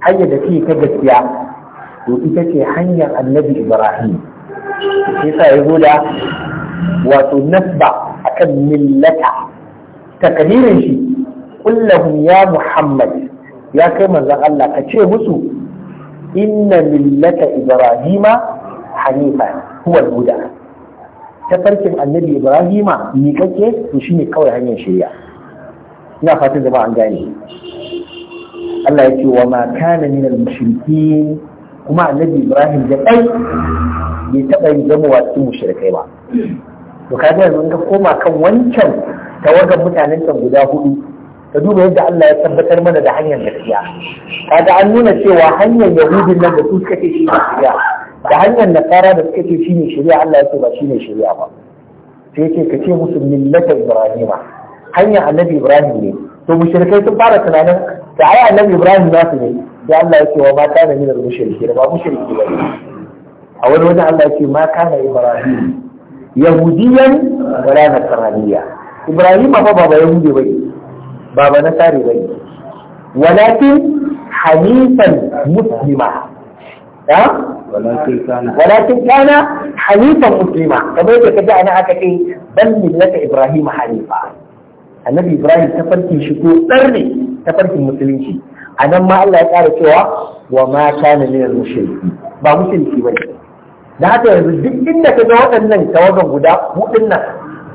hanyar da take ta gaskiya to ita ce hanyar annabi ibrahim sai sa ya zo da wato nasba akan millata takalirin shi kullahum ya muhammad ya kai manzan Allah ka ce musu inna millata ibrahima hanifa huwal huda tafarkin annabi ibrahima miƙaƙe to shine kawai hanyar shirya ina fatan zama an gane Allah ya ce wa ma kana min al kuma annabi ibrahim da kai bai taɓa yin zamowa cikin mushrikai ba to ka ga ka koma kan wancan tawagar mutanen can guda hudu ka duba yadda Allah ya tabbatar mana da hanyar gaskiya kaga an nuna cewa hanyar yahudin nan da su suka ce shi ne shirya da hanyar nasara da suka ce shine shari'a Allah ya ce ba shine shari'a ba sai yake ka ce musu millata ibrahima hanyar annabi ibrahim ne to mushrikai sun fara tunanin da ai annabi ibrahim za su ne da Allah ya ce wa mata da da mushriki da ba mushriki ba a wani wajen Allah ya ce ma kana ibrahim yahudiyan wala nasraniya ibrahim fa baba yahudi bai baba nasari bai walakin hanifan muslima ha walakin kana hanifan muslima kamar yadda kaji ana aka ce bal millata ibrahim hanifa annabi ibrahim ta farkin shi ne ta musulunci a nan ma Allah ya ƙara cewa wa ma kana min al ba musulunci ba da haka yanzu duk inda ka ga waɗannan tawagan guda hudun nan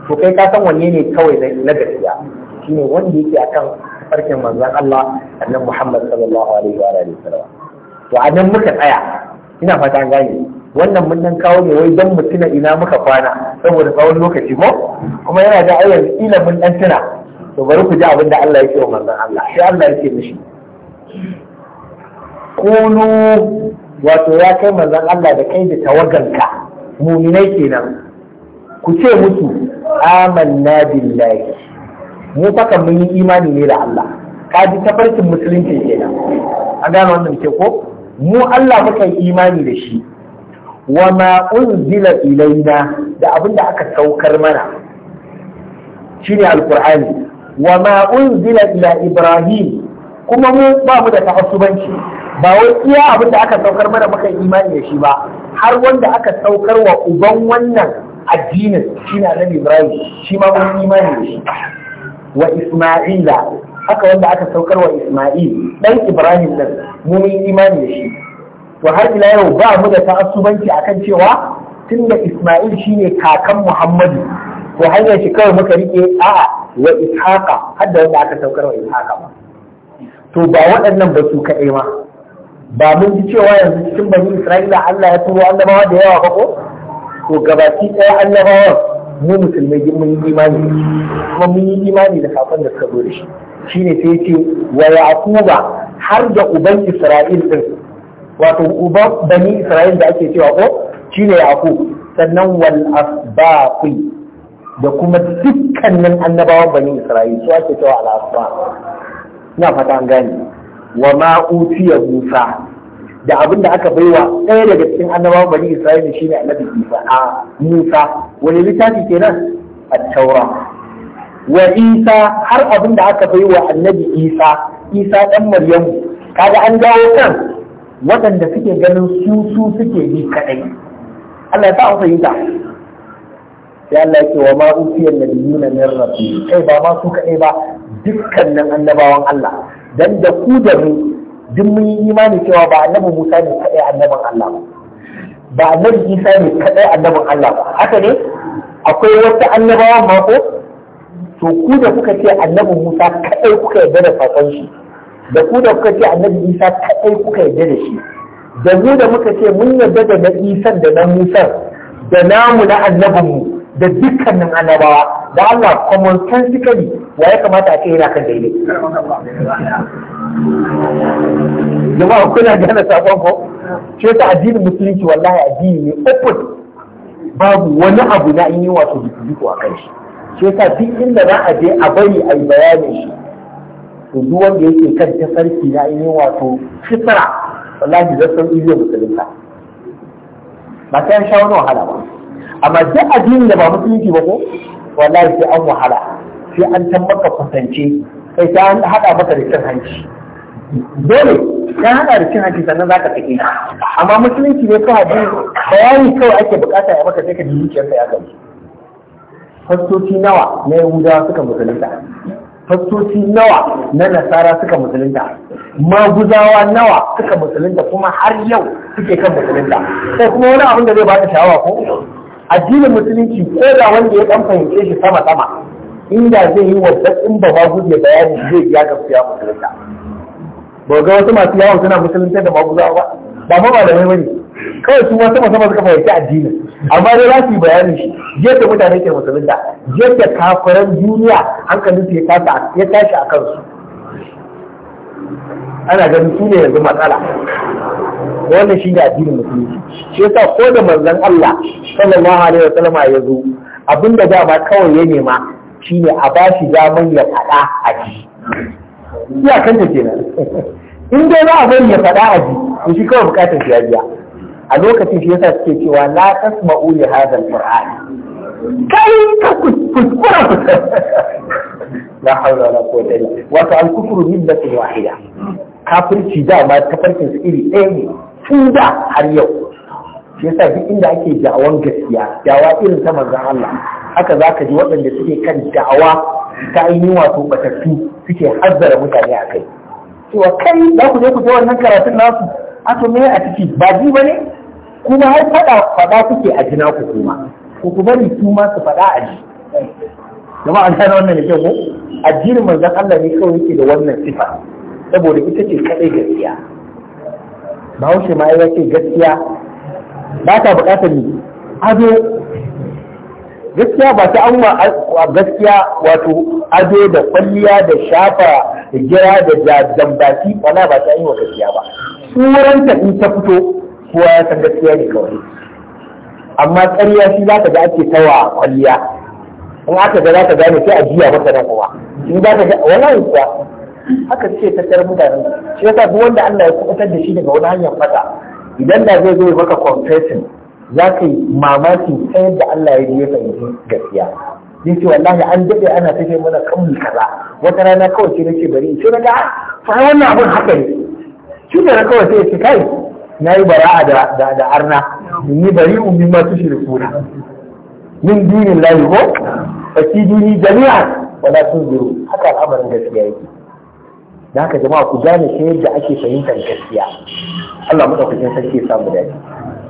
to kai ka san wanne ne kawai na gaskiya shine wanda yake akan farkin manzon Allah annabi Muhammad sallallahu alaihi wa alihi wasallam to a nan muka tsaya ina fata gane wannan mun nan kawo ne wai don mu ina muka kwana saboda tsawon lokaci ko kuma yana da ayyan ilimin dan tuna to bari ku ji abin da Allah yake wa manzon Allah sai Allah yake mishi kunu wato ya kai manzon Allah da kai da tawaganka muminai kenan ku ce musu amanna billahi mu faka mun yi imani ne da Allah ka ji tafarkin musulunci kenan an gane wannan ke ko mu Allah muka yi imani da shi wa ma unzila ilaina da abin da aka saukar mana shine alqur'ani wa ma unzila ila ibrahim kuma mu ba mu da ta'assubanci ba wai iya abin da aka saukar mana muka yi imani da shi ba har wanda aka saukar wa uban wannan addinin shine annabi ibrahim shi ma mun imani da shi wa isma'ila haka wanda aka saukar wa Isma'il dan Ibrahim nan mu muyi imani da shi to har ila yau ba mu da ta'assubanci akan cewa tunda Isma'il shine kakan Muhammadu to hanyar shi kawai muka rike a'a wa ishaqa har da wanda aka saukar wa ishaqa ba to ba waɗannan ba su kaɗai ma ba mun ji cewa yanzu cikin bani Isra'ila Allah ya turo annabawa da yawa ba ko to gabaki ɗaya annabawan mu musulmai mun yi imani kuma mun yi imani da kafan da suka zo da shi ne sai ce wa yaquba har da uban isra'il din wato uban bani isra'il da ake cewa ko Shi ne yaqub sannan wal asbaqi da kuma dukkanin annabawan bani isra'il su ake cewa al asbaq ina fata an gane wa ma utiya musa da abin da aka baiwa ɗaya daga cikin annabawan bani isra'il shine annabi isa a musa wani littafi kenan a taura wa isa har abin da aka bai wa annabi isa isa dan maryamu kaga an dawo kan waɗanda suke ganin su su suke bi kadai Allah ya sa fahimta sai Allah yake wa ma usiyar nabiyuna min rabbi kai ba ma su kadai ba dukkanin annabawan Allah dan da ku da mu duk mun yi imani cewa ba annabi Musa ne kadai annabin Allah ba ba annabi Isa ne kadai annabin Allah ba haka ne akwai wata annabawan ma ko to ku da kuka ce annabi Musa kadai kuka yarda da sakon shi da ku da kuka ce annabi Isa kadai kuka yarda da shi da mu da muka ce mun yarda da na Isa da na Musa da namu na mu da dukkanin annabawa da Allah common sensically wa ya kamata a ce yana kan daidai jama'a kuna gane sakon ko ce ta addinin musulunci wallahi addini ne open babu wani abu na yi wato duku a kai shi shi yasa duk inda za a je a bari a yi bayanin shi to duk wanda yake kan sarki na yi wato fitra wallahi da san iya musulunta ba ta sha wani wahala ba amma duk addini da ba musulunci ba ko wallahi sai an wahala sai an san maka kusance sai ta haɗa maka da cin hanci dole ka haɗa da cin hanci sannan za ka tafi amma musulunci ne ko addini bayani kawai ake bukata ya maka sai ka ji zuciyarka ya gamsu fastoci nawa na yahudawa suka musulunta fastoci nawa na nasara suka musulunta maguzawa nawa suka musulunta kuma har yau suke kan musulunta sai kuma wani abin da zai bata shawa ko addinin musulunci ko da wanda ya dan fahimce shi sama sama inda zai yi wa in ba ma guje bayani zai ya ga ya musulunta ba ga wasu masu yawon suna musulunta da maguzawa ba ba ma ba da mai bane kawai su wasu sama suka fahimci addinin amma dai za su yi bayanin shi yadda mutane ke musulunta yadda kafiran duniya hankalin su ya tashi a kansu ana ganin su ne yanzu matsala wannan shi ne addinin musulunci shi yasa ko da manzon Allah sallallahu alaihi wasallam ya zo abinda ba kawai ya nema shine a ba shi daman ya faɗa a ji ke nan. in dai za a bari ya faɗa a ji to shi kawai bukatar shi ya biya a lokacin shi yasa suke cewa la tasma'u li hadha al-qur'an kai ka kuskura (laughs) la hawla wala quwwata illa billah wato al-kufru millatun wahida kafirci da ma tafarkin su iri ɗaya ne tun da har yau shi yasa duk inda ake da'awan gaskiya da'awa irin ta manzon Allah haka zaka ji waɗanda suke kan da'awa ta yi wato batattu suke hazzara mutane a kai cewa kai za ku je ku je wannan karatun nasu a to me a ciki ba ji ba ne kuma har faɗa faɗa kuke a jina ku kuma ku ku bari su ma su faɗa a ji kuma an gane wannan yake ko addinin manzon Allah ne kawai yake da wannan sifa saboda ita ce kadai gaskiya Bahaushe ma ya ce gaskiya ba ta buƙatar ni ado gaskiya ba ta an gaskiya wato ado da kwalliya da shafa da gira da jambaki wala ba ta yi wa gaskiya ba suranta in ta fito kowa ya san gaskiya ne kawai amma ƙarya shi za ka ga ake tawa kwalliya in aka ga za ka gane sai a jiya maka nan kuma in za ka ga wannan kuwa haka suke tattara mutane shi yasa duk wanda Allah ya kubutar da shi daga wani hanyar fata idan da zai zo ya maka confessing za ka yi mamakin ta yadda Allah ya yi fahimci gaskiya ya ce wallahi an daɗe ana tafe mana kamul kaza wata rana kawai ce nake bari sai na ga ah, fa wannan abin haka ne shi ne kawai sai ya ce kai na yi bara'a da arna ni bari umi ma su shirkuna min dinin lahi ko faki dini jami'a wala sun zuru haka al'amarin gaskiya yake da haka jama'a ku gane ta yadda ake fahimtar gaskiya Allah madaukakin sarki ya samu dace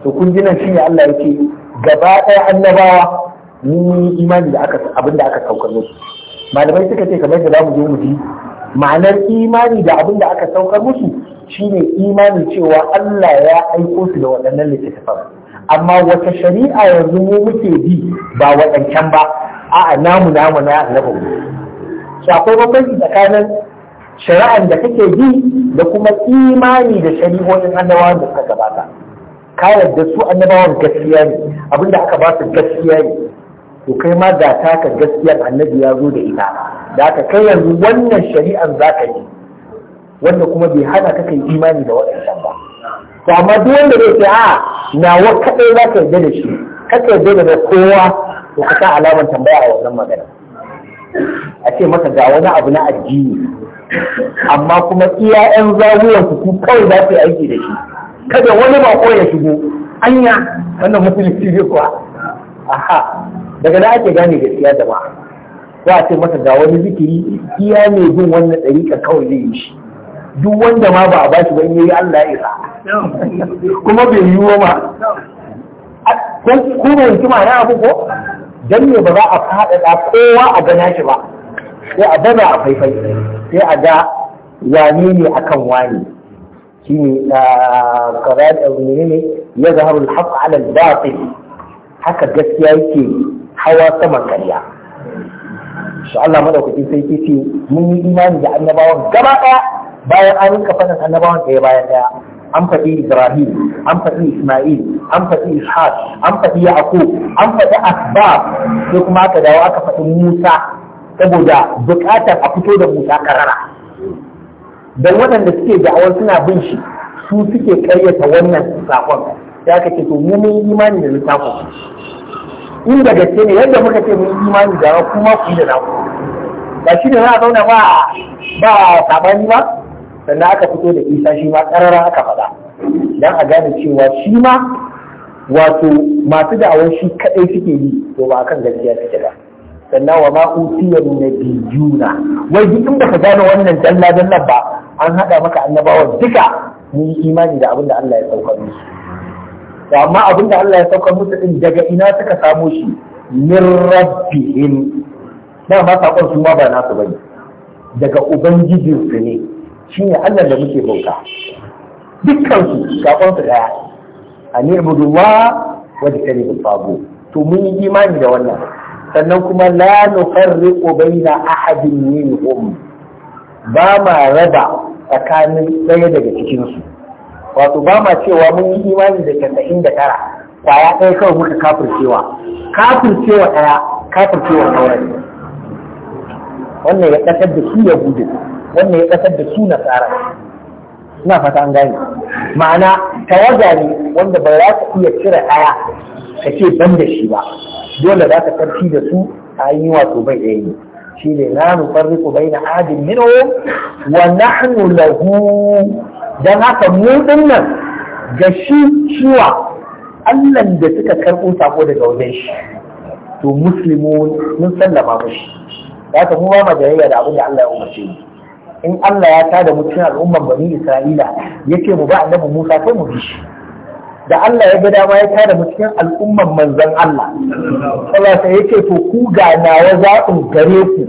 to kun ji nan ne Allah yake gaba ɗaya annabawa mun yi imani da aka abin da aka saukar musu malamai suka ce kamar da za mu je mu ji ma'anar imani da abin da aka saukar musu shine imanin cewa Allah ya aiko su da waɗannan littattafan amma wata shari'a yanzu mu muke bi ba waɗancan ba a'a namu namu na annabi mu so akwai bambanci tsakanin shari'an da kake bi da kuma imani da shari'o'in annabawan da suka gabata ka yarda su annabawan gaskiya ne abinda aka ba su gaskiya ne to kai ma da taka gaskiyar annabi ya zo da ita da aka kai yanzu wannan shari'an za ka yi wanda kuma bai hana ka kai imani da waɗannan ba to amma duk wanda zai ce a nawa kadai za ka yarda da shi ka yarda da kowa to ka sa alamar tambaya a wannan magana a ce maka ga wani abu na addini amma kuma iya ƴan zawuwan su ku kawai za su yi aiki da shi kada wani ba ya shigo anya wannan musulunci ne kuwa aha daga da ake gane gaskiya jama'a za a ce masa ga wani zikiri iya me bin wannan ɗariƙa kawai zai yi shi duk wanda ma ba a bashi ba in yayi Allah ya isa kuma bai yi ma ko ko bai yi na abu ko dan ne ba za a faɗaɗa kowa a gana shi ba sai a bana a faifai sai a ga wane ne akan wani shine na kaza da ne ya zaharu al-haqq ala al-batil haka gaskiya yake hawa saman karya shi Allah madaukakin sai ke mun yi imani da annabawan gaba ɗaya bayan an rinka fadin annabawan ɗaya bayan ɗaya an faɗi Ibrahim an faɗi Ismail an faɗi Ishaq an faɗi Yaqub an faɗi Asbab sai kuma aka dawo aka faɗi Musa saboda buƙatar a fito da Musa karara dan waɗanda suke da'awar suna bin shi su suke ƙayyata wannan sakon ya aka ce to mu mun imani da littafin in da gaske ne yadda muka ce mun imani da kuma ku da naku ba shi ne za a zauna ba ba sabani ba sannan aka fito da isa shi ma karara aka faɗa don a gane cewa shi ma wato masu da'awar shi kaɗai suke yi to ba kan gaskiya suke ba sannan wa ma utiyar bijuna wai duk in baka gane wannan dalla dalla ba an haɗa maka annabawa duka mun yi imani da abin da Allah ya saukar musu to amma abin da Allah ya saukar musu din daga ina suka samo shi min rabbihim dama sakon su ma ba nasu bane daga ubangijinsu ne ne Allah da muke bauta dukkan su sakon su daya ani ibudullah wa tajtanibu tabu to mun yi imani da wannan sannan kuma la nufarriqu baina ahadin minhum ba ma raba tsakanin ɗaya daga cikin su wato ba ma cewa mun yi imani da 99 kwaya ɗaya kawai muka cewa. kafircewa kafircewa ɗaya cewa sauran wannan ya ƙasar da shi ya gudu wanda ya kasar da su nasara ina fata an gane ma'ana tawaga ne wanda ba za ka iya cire aya ka ce ban da shi ba dole za ka karfi da su a yi wato bai ɗaya ne shi ne na nufarriku bai na adin mino wa nahnu lahu dan haka mu nan ga shi ciwa allan da suka karɓo sako daga wajen shi to musulmi mun sallama mashi za ka mu ma majayayya da abin da Allah ya umarce mu in Allah ya tada mu cikin al'umman bani Isra'ila ce mu ba annabi Musa sai mu bi shi da Allah ya ga dama ya tada mu cikin al'umman manzon Allah Allah sai yace to ku ga nawa zaɓin gare ku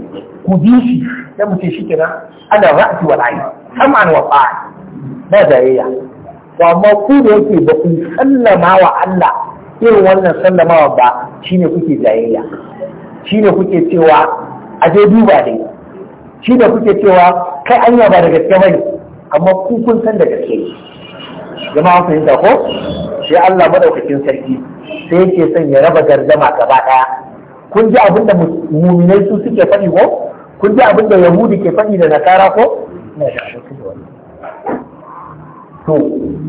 ku bi shi sai mu ce shikenan ana ra'ati wal ayn sam'an wa ta'a ba jayayya to amma ku da yake ba ku sallama wa Allah irin wannan sallamawa ba shine kuke jayayya shine kuke cewa a je duba dai shi da kuke cewa kai anya ba da gaske bane amma ku kun san da gaske ne jama'a yi ko sai Allah madaukakin sarki sai yake son ya raba gardama gaba daya kun ji abin da muminai su suke faɗi ko kun ji abin da yahudi ke faɗi da nasara ko to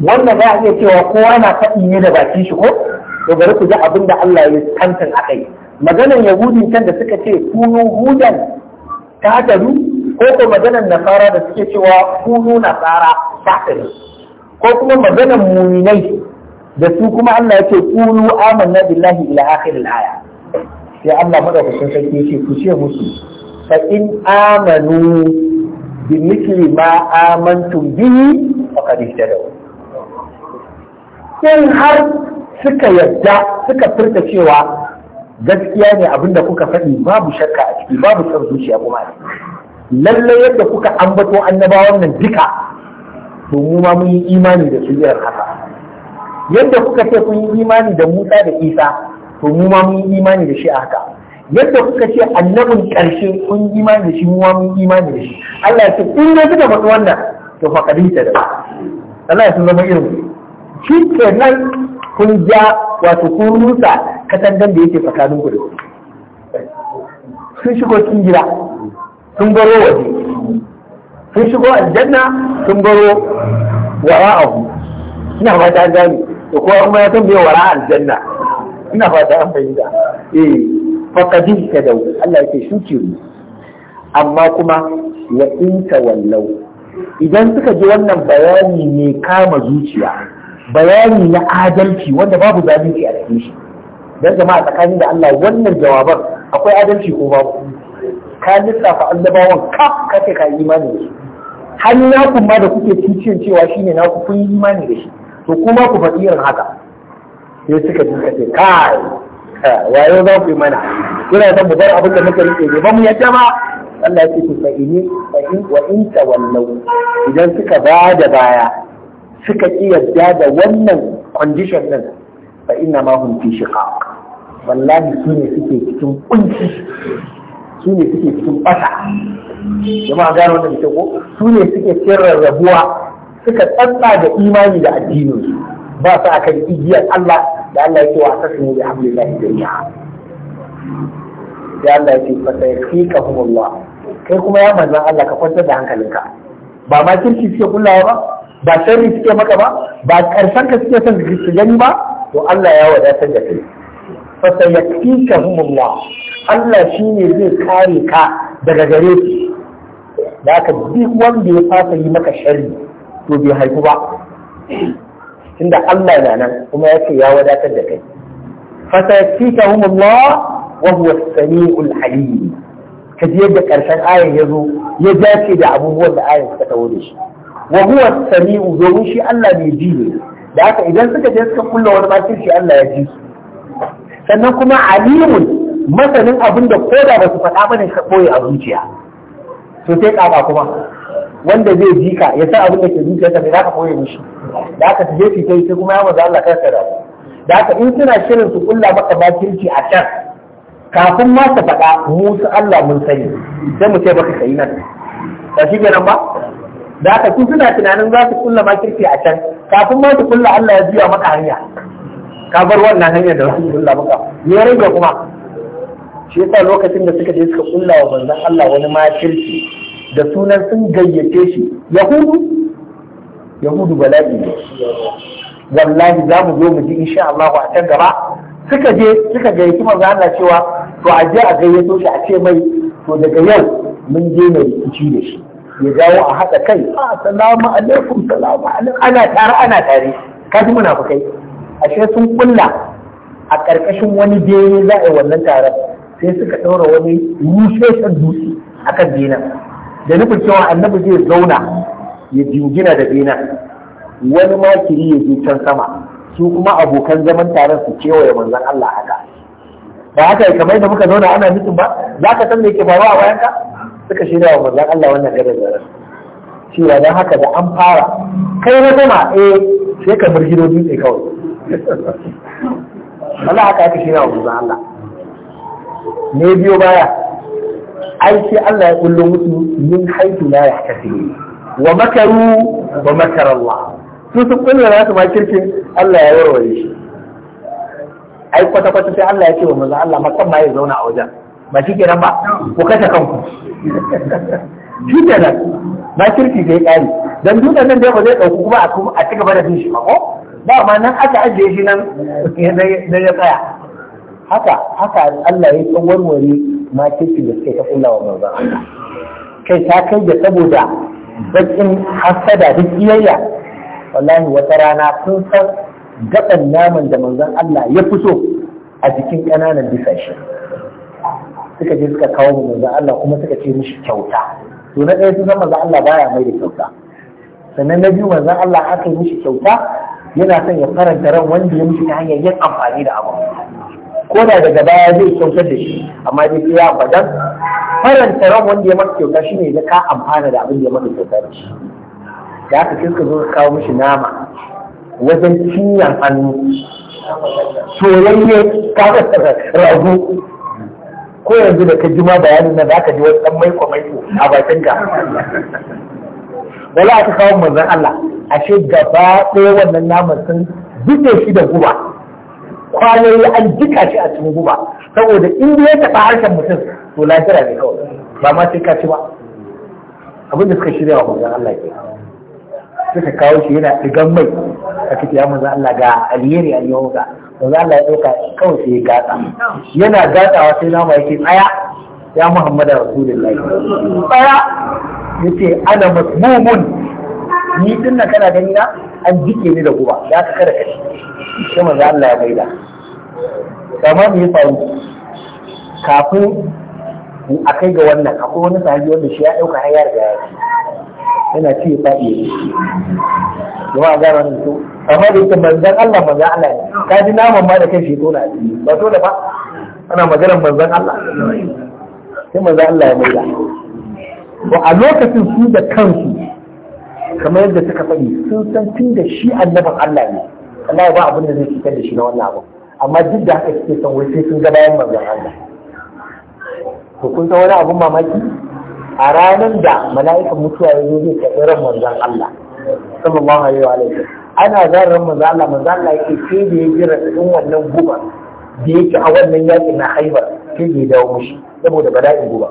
wannan za a iya cewa kowa na faɗi ne da bakin shi ko to bari ku ji abin da Allah ya tantan akai maganar yahudi can da suka ce kunu hudan ta taru ko ko maganar nasara da suke cewa kunu nasara ta taru ko kuma maganar muminai da su kuma Allah ya ce kunu amanna billahi ila akhir aya sai Allah madaukakin sarki ya ce ku ce musu fa in amanu bi mithli ma amantum bihi faqad ihtadaw in har suka yadda suka furta cewa gaskiya ne abinda kuka faɗi babu shakka a ciki babu son zuciya kuma a lallai yadda kuka ambato annabawan nan duka to mu ma mun yi imani da su irin haka yadda kuka ce kun yi imani da Musa da Isa to mu ma mun yi imani da shi a haka yadda kuka ce annabin ƙarshe kun yi imani da shi mu ma mun yi imani da shi Allah ya ce in dai suka faɗi wannan to fa kadita da Allah ya zama irin shi kenan kun ja wato kun rusa katangan da yake tsakanin ku da ku. sun shigo cikin gida sun baro waje sun shigo aljanna sun baro wara'ahu ina ta gani da kowa kuma ya san bai wara'a aljanna ina fata an fahimta eh faqadin ta da Allah yake shuke mu amma kuma wa in tawallau idan suka ji wannan bayani ne kama zuciya bayani na adalci wanda babu zalunci a cikin shi dan jama'a tsakanin da Allah wannan jawaban akwai adalci ko babu ka lissafa annabawan ka kace ka imani da shi har naku ma da kuke kicin cewa shine naku kun yi imani da shi to kuma ku faɗi irin haka sai suka duka ce kai Waye za ku yi mana kuna son mu bar abin da muka rike ne ba mu yadda ba Allah ya ce ku fa'ini fa'in wa in idan suka ba da baya suka ki yadda da wannan condition din fa inna ma hum fi shiqaq wallahi su ne suke cikin kunci su ne suke cikin bata jama'a gano wannan da ko su ne suke cikin rarrabuwa suka tsatsa da imani da addinin ba su akan igiyar Allah da Allah yake wa asasinu bi hablillahi jami'a ya Allah yake fa Allah kai kuma ya manzan Allah ka kwantar da hankalinka ba ma kirki suke kullawa ba ba sharri suke maka ba ba karshen ka suke son su gani ba to Allah ya wadatar da kai fa humullah Allah shine zai kare ka daga gare su da ka duk wanda ya fasa yi maka sharri to bai haifu ba tunda Allah na nan kuma yake ya wadatar da kai fa humullah wa huwa as-sami'ul alim ka yadda karshen ayan ya zo ya dace da abubuwan da ayan suka tawo da shi wa huwa as sami'u domin shi Allah ne ji ne da haka idan suka je suka kulla wani makirci Allah ya ji su sannan kuma alimun masanin abin da ko da ba su faɗa bane ka koyi a zuciya to sai ƙafa kuma wanda zai ji ka ya san abin da ke zuciya bai za ka koyi mishi da haka su je su kai sai kuma ya maza Allah kai da da haka in suna shirin su kulla maka makirci a can kafin ma su faɗa mu su Allah mun sani sai mu ce baka kai nan ba shi kenan ba da haka kun suna tunanin za su kulla makirci a can kafin ma ta kulla Allah ya biya maka hanya ka bar wannan hanyar da su kulla maka me rage kuma shi yasa lokacin da suka je suka kulla wa manzon Allah wani makirci da sunan sun gayyace shi yahudu yahudu bala'i ne wallahi za mu zo mu ji insha Allah a can gaba suka je suka gayyaci manzon Allah cewa to a je a gayyato shi a ce mai to daga yau mun je mai rikici da shi ya jawo a haɗa kai a ah, salamu alaikum salamu alaikum ana tare ana tare kaji munafukai ashe sun kulla a ƙarƙashin wani bene za a yi wannan taron sai suka ɗaura wani rusheshen dutse a kan benen da nufin cewa annabi zai zauna ya jingina da benen wani makiri ya je can sama su kuma abokan zaman taron su kewaye manzon Allah haka ba haka kamar da muka zauna ana nufin ba za ka san me yake faruwa a bayanka suka shirya wa mazan Allah wannan gadar da rasu cewa don haka da an fara kai na sama eh sai ka bar gido dutse kawai Allah haka aka shirya wa mazan Allah ne biyo baya ai sai Allah ya kullu musu min haitu la yahtasibu wa makaru wa makara Allah su sun kullu na su ma kirkin Allah ya warware shi ai kwata kwata sai Allah ya ce wa mazan Allah makan ma ya zauna a wajen ba shi kenan ba ku kashe kanku shi kenan ba kirki zai kari dan dutsen nan dai ba zai dauku kuma a ci gaba da bin shi ba ko ba ma nan aka ajiye shi nan da ya tsaya haka haka Allah ya san warware ma kirki da suke ta kula wa kai ta kai da saboda bakin hasada da kiyayya wallahi wata rana sun san gaban naman da manzon Allah ya fito a jikin ƙananan bisashe suka je suka kawo mu manzo Allah kuma suka ce mishi kyauta to na ɗaya sun san manzo Allah baya mai da kyauta sannan na biyu manzo Allah aka yi mishi kyauta yana son ya faranta ran wanda ya mishi ta hanyar yin amfani da abu ko da daga baya zai kyautar da shi amma dai sai ya abadan faranta ran wanda ya maka kyauta shine da ka amfana da abin da ya maka kyauta da shi da aka suka zo kawo mishi nama wajen cinyar hannu soyayye kaga rago ko yanzu da ka ji ma bayanin nan zaka ji wasu dan maiko maiko a bakin ka wala aka kawo manzon Allah ashe gaba ɗaya wannan naman sun jike shi da guba kwayoyi an jika shi a cikin guba saboda in ya taɓa harshen mutum to lafiya ne kawai ba ma sai ka ci ba abin da suka shirya wa manzon Allah ke suka kawo shi yana digan mai a cikin ya manzon Allah ga alheri a yau ga da za a ɗauka kawai sai gata yana gatawa sai nama yake tsaya ya Muhammad lai tsaya ya ce ana masmumun ni din na kana gani na an jike ni da guba ya ka kada kashi sai manzo Allah ya da. kamar mu yi faru kafin a kai ga wannan akwai wani sahabi wanda shi ya ɗauka har ya riga ya yana ci ya faɗi ya ci kuma a gara ne to amma da ita manzan Allah manzan Allah ne ka ji naman ma da kai shi tona ba to da ba ana maganar manzan Allah sai manzan Allah ya maida ba a lokacin su da kansu kamar yadda suka faɗi sun san tun da shi annabin Allah ne Allah ba abin da zai fitar da shi na wannan abu amma duk da haka suke son wai sai sun ga bayan manzan Allah to kun san wani abun mamaki a ranar da mala'ikan mutuwa ya zo zai karɓi ran manzan Allah sallallahu alaihi wa alihi ana zan ran manzan Allah manzan Allah yake ce da ya jira ɗin wannan guba da yake a wannan yakin na haibar ke da ya dawo mushi saboda bala'in guba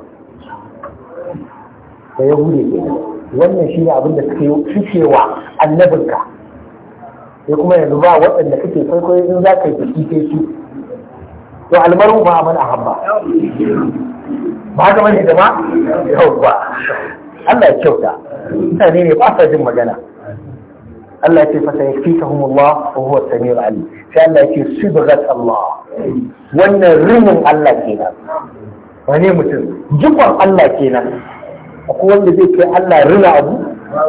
da ya hude ke wannan shi ne abin da suke wa annabinka sai kuma yanzu ba waɗanda kake kwaikwayo in za ka yi biki su to almaru ba a mana habba ba haka bane jama yawwa Allah ya kyauta mutane ne ba sa jin magana Allah ya ce fa sayfikahumullah wa huwa samiul alim sai Allah ya ce sibghat Allah wannan rinin Allah kenan wani mutum jikon Allah kenan akwai wanda zai kai Allah rina abu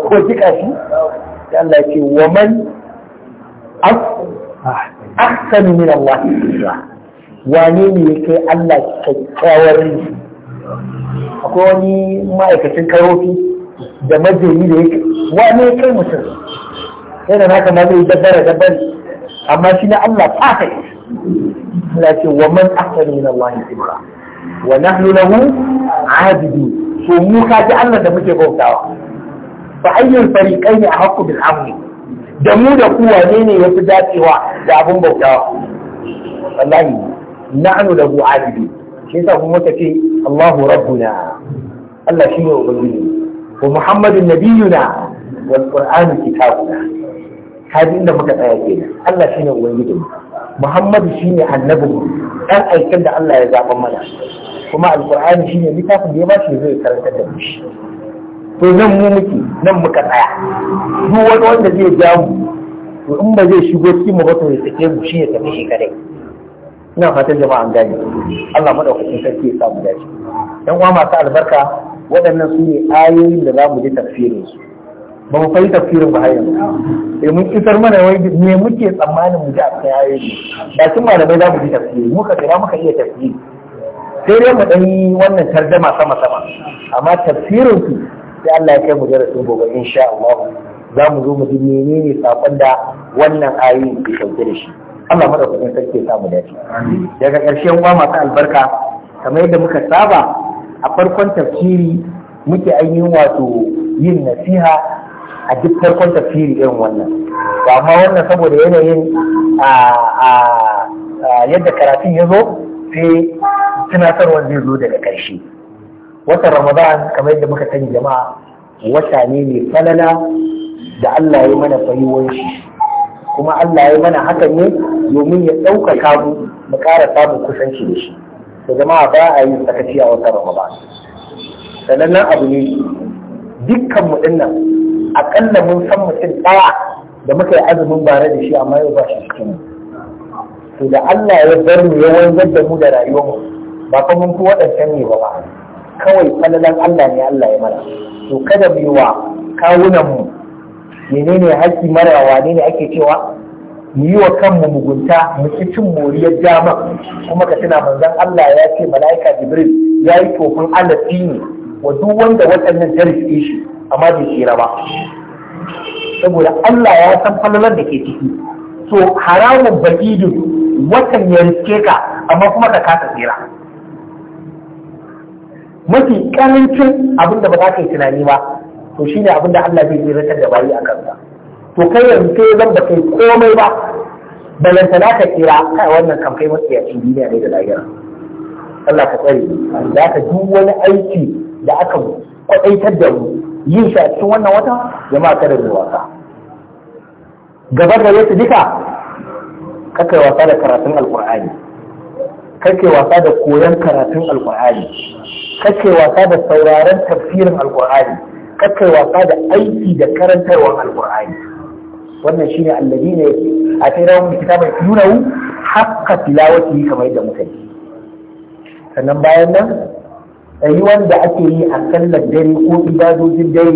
ko jika shi sai Allah ya ce wa man ahsanu min Allah wane ne ya kai Allah kyakkyawar rini akwai wani ma'aikacin karofi da majiyi da yake Wa wane kai mutum yana naka ma zai dabbara dabbari amma shi na Allah fata ne Allah ce wa man ahsanu min Allah ibra wa nahnu a abidu so mu ka ji Allah da muke bautawa Ba fa ne a ahqqu bil amn da mu da kuwa ne ne yafi dacewa da abin bautawa wallahi nahnu lahu abidu shi yasa kuma muka ce Allahu rabbuna Allah shi ne ubangiji wa Muhammadun nabiyuna wal Qur'anu kitabuna kaji inda muka tsaya kenan Allah shi ne ubangijin Muhammadu shi ne annabin ɗan aikin da Allah ya zaɓa mana kuma alƙur'ani shi ne littafin da ya ba shi zai karanta da mu shi to nan mu muke nan muka tsaya duk wani wanda zai ja mu to in ba zai shigo cikin mu ba to ya sake mu shi ya tafi shi kadai ina fatan jama'an an gane Allah madaukakin sarki ya samu dace yan uwa masu albarka waɗannan su ne ayoyin da za mu ji tafsirin su ba mu fahimta tafsirin ba har sai eh, mun isar mana wai me muke tsammanin mu ji a cikin ayoyi da kin malamai za mu ji tafsiri muka tsira muka iya tafsiri sai dai mu dan wannan tarjama sama sama amma tafsirin su sai Allah ya kai mu darasin gobe insha Allah za mu zo mu ji menene sakon da wannan ayoyin ke dauke da shi Allah mada kudin sarki ya samu dace daga ƙarshen uwa masu albarka kamar yadda muka saba a farkon tafsiri muke ainihin wato yin nasiha a duk farkon tafsiri irin wannan ba ma wannan saboda yanayin a yadda karatun ya zo sai tunatarwar zai zo daga ƙarshe watan ramadan kamar yadda muka sani jama'a wata ne mai falala da Allah ya mana fahimwar kuma Allah ya mana hakan ne domin ya ɗaukaka mu mu ƙara samun kusanci da shi to jama'a ba a yi sakaci a wata Ramadan sannan nan abu ne dukkan mu dinnan akalla mun san mutum ɗaya da muka yi azumin bare da shi amma yau ba shi cikin mu to da Allah ya bar mu ya wanzar da mu da rayuwar mu ba fa mun fi waɗancan ne ba ba kawai falalan Allah ne Allah ya mana to kada mu yi wa kawunan mu menene haƙƙi mara wane ne ake cewa mu yi wa kanmu mugunta mu ci cin moriyar jama'a. kuma ka tuna manzon Allah ya ce mala'ika Jibril ya yi tofin alatsi ne wa duk wanda waɗannan ta rike shi amma bai tsira ba saboda Allah ya san falalar da ke ciki so haramun bakidin watan ya riske ka amma kuma ka kasa tsira mafi karancin abin da ba za ka yi tunani ba to shine abin da Allah zai tsiratar da bayi a kansa to kai yanzu sai zan ba kai komai ba balantana ka kira kai wannan kan kai masu yakin duniya ne da lahira Allah ka tsare za ka duk wani aiki da aka kwadaitar da mu yin shi a cikin wannan wata jama'a kada mu wasa gaba da yasu duka kakai wasa da karatun alkur'ani kake wasa da koyon karatun alkur'ani kake wasa da sauraron tafsirin alkur'ani kakai wasa da aiki da karantarwar alkur'ani wannan shine allazi ne a tsira mun kitabai yunawu hakka tilawati kamar yadda muka yi sannan bayan nan rayuwar da ake yi a sallar dare ko ibadojin dare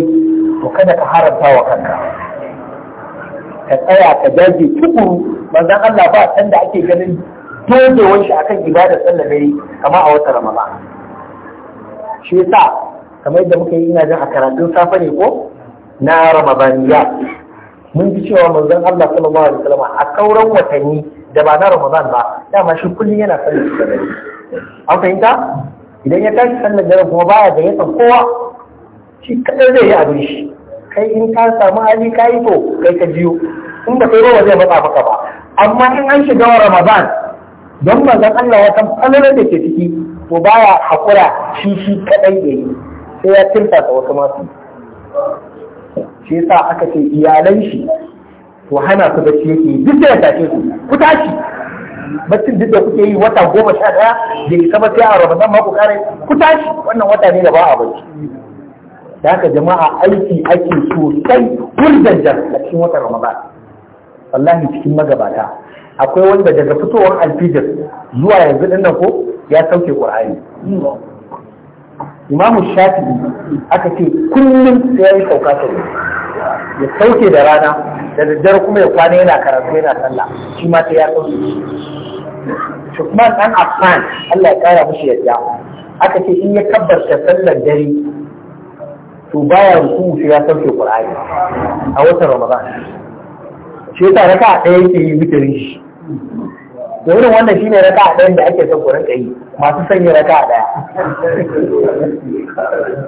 to kada ka haramta wa kanka ka tsaya ka daje tukuru manzon Allah ba san da ake ganin dodewar shi akan ibadar sallar dare kamar a wata ramadan shi yasa kamar yadda muka yi ina jin a karatun safe ne ko na ramadaniya mun ji cewa manzon Allah sallallahu alaihi wasallam a kauran watanni da ba na ramadan ba dama shi kullum yana sallar da an fahimta idan ya tashi sallar dare kuma baya da yasan kowa shi kadai zai yi abin shi kai in ka samu hali ka yi to kai ka jiyo. in ba kai ba zai matsa maka ba amma in an shiga wa ramadan don manzon Allah ya san kallon da ke ciki to baya hakura shi shi kadai yayi sai ya tirta wasu masu shi yasa aka ce iyalan shi to hana su bacci yake duk da ya su ku tashi baccin duk da kuke yi wata goma sha daya, bai isa ba sai a ramadan ma ku kare ku tashi wannan wata ne da ba a bacci da haka jama'a aiki ake sosai hurdan jar a cikin watan ramadan wallahi cikin magabata akwai wanda daga fitowar alfijir zuwa yanzu ɗin nan ko ya sauke ƙur'ani imamu shafi'i aka ce kullum sai ya yi sauka sau ya sauke da rana da daddare kuma ya kwana yana karatu yana sallah shi ma sai ya sauke Shukman ɗan Affan Allah ya kara mushi yadda aka ce in ya tabbata sallar dare to baya ruku sai ya sauke Qur'ani a watan Ramadan shi yasa raka ɗaya yake yi witarin shi to irin wannan shine raka ɗayan da ake son ku yi masu sanya raka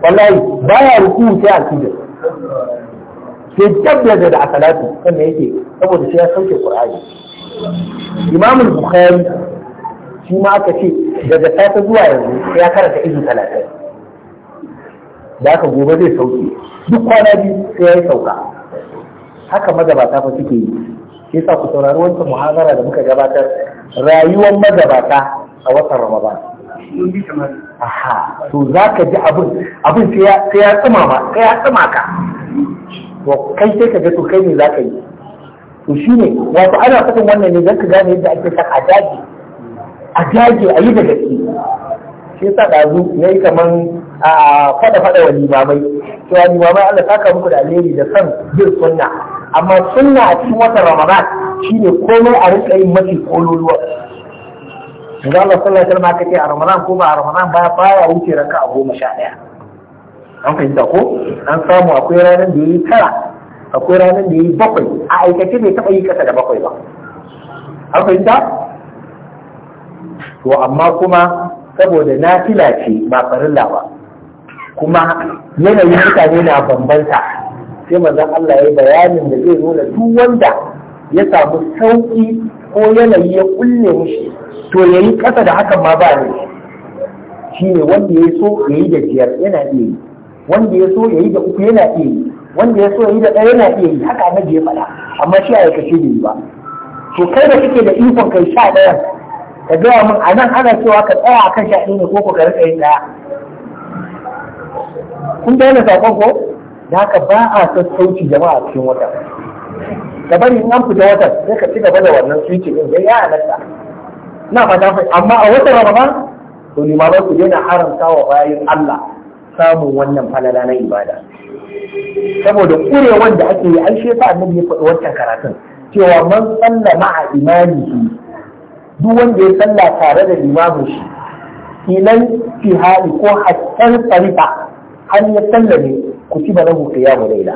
ɗaya wallahi ya ruku sai a cikin ke tabbata da asalatu sannan yake saboda shi ya sauke qur'ani imamul bukhari shi ma aka ce daga safe zuwa yanzu ya karanta izu talatin da aka gobe zai sauke duk kwana biyu sai ya yi sauka haka magabata fa suke yi shi yasa ku saurari wancan muhazara da muka gabatar rayuwar magabata a watan Ramadan aha to za ka ji abin abin sai ya ba sai ya tsuma ka to kai sai ka ga to kai ne za ka yi to shi ne wato ana faɗin wannan ne zan ka gane yadda ake son a dage a dage a yi da gaske shi yasa ya yi kaman a fada fada wa limamai a limamai Allah saka muku da alheri da san bin sunna amma sunna a cikin watan Ramadan shine komai a rinka yin mafi kololuwa yanzu Allah sallallahu alaihi wasallam kace a Ramadan ko ba a Ramadan ba fara wuce ranka a goma sha ɗaya. An fahimta ko an samu akwai ranar da ya yi tara akwai ranar da ya yi bakwai a aikace bai taɓa yi kasa da bakwai ba. An fahimta? To amma kuma saboda na ce ba farilla ba kuma yanayin mutane na bambanta sai manzon Allah ya bayanin da zai nuna duk wanda ya samu sauki ko yanayi ya kulle mishi to yayi kasa da hakan ma ba ne shine wanda ya so ya yi da biyar yana iya yi wanda ya so ya yi da uku yana iya yi wanda ya so ya yi da ɗaya yana iya yi haka na faɗa amma shi a kashe da yi ba to kai da kake da ikon kai sha ɗaya ka gaya min a nan ana cewa ka tsaya akan sha ɗaya ne ko ko ka rika yin ɗaya kun yana sakon ko da haka ba a sassauci jama'a cikin wata da bari in an fita watan sai ka ci gaba da wannan switching ɗin, dai ya halatta na fata fa amma a wata ramadan to ba ku daina haramta wa bayan Allah samun wannan falala na ibada saboda kurewan da ake yi an shefa annabi ya faɗi wancan karatun cewa man sallama a imanihi duk wanda ya salla tare da limamin shi ilan fihari ko hattar tsarifa har ya sallame ku ci ba lahu mu laila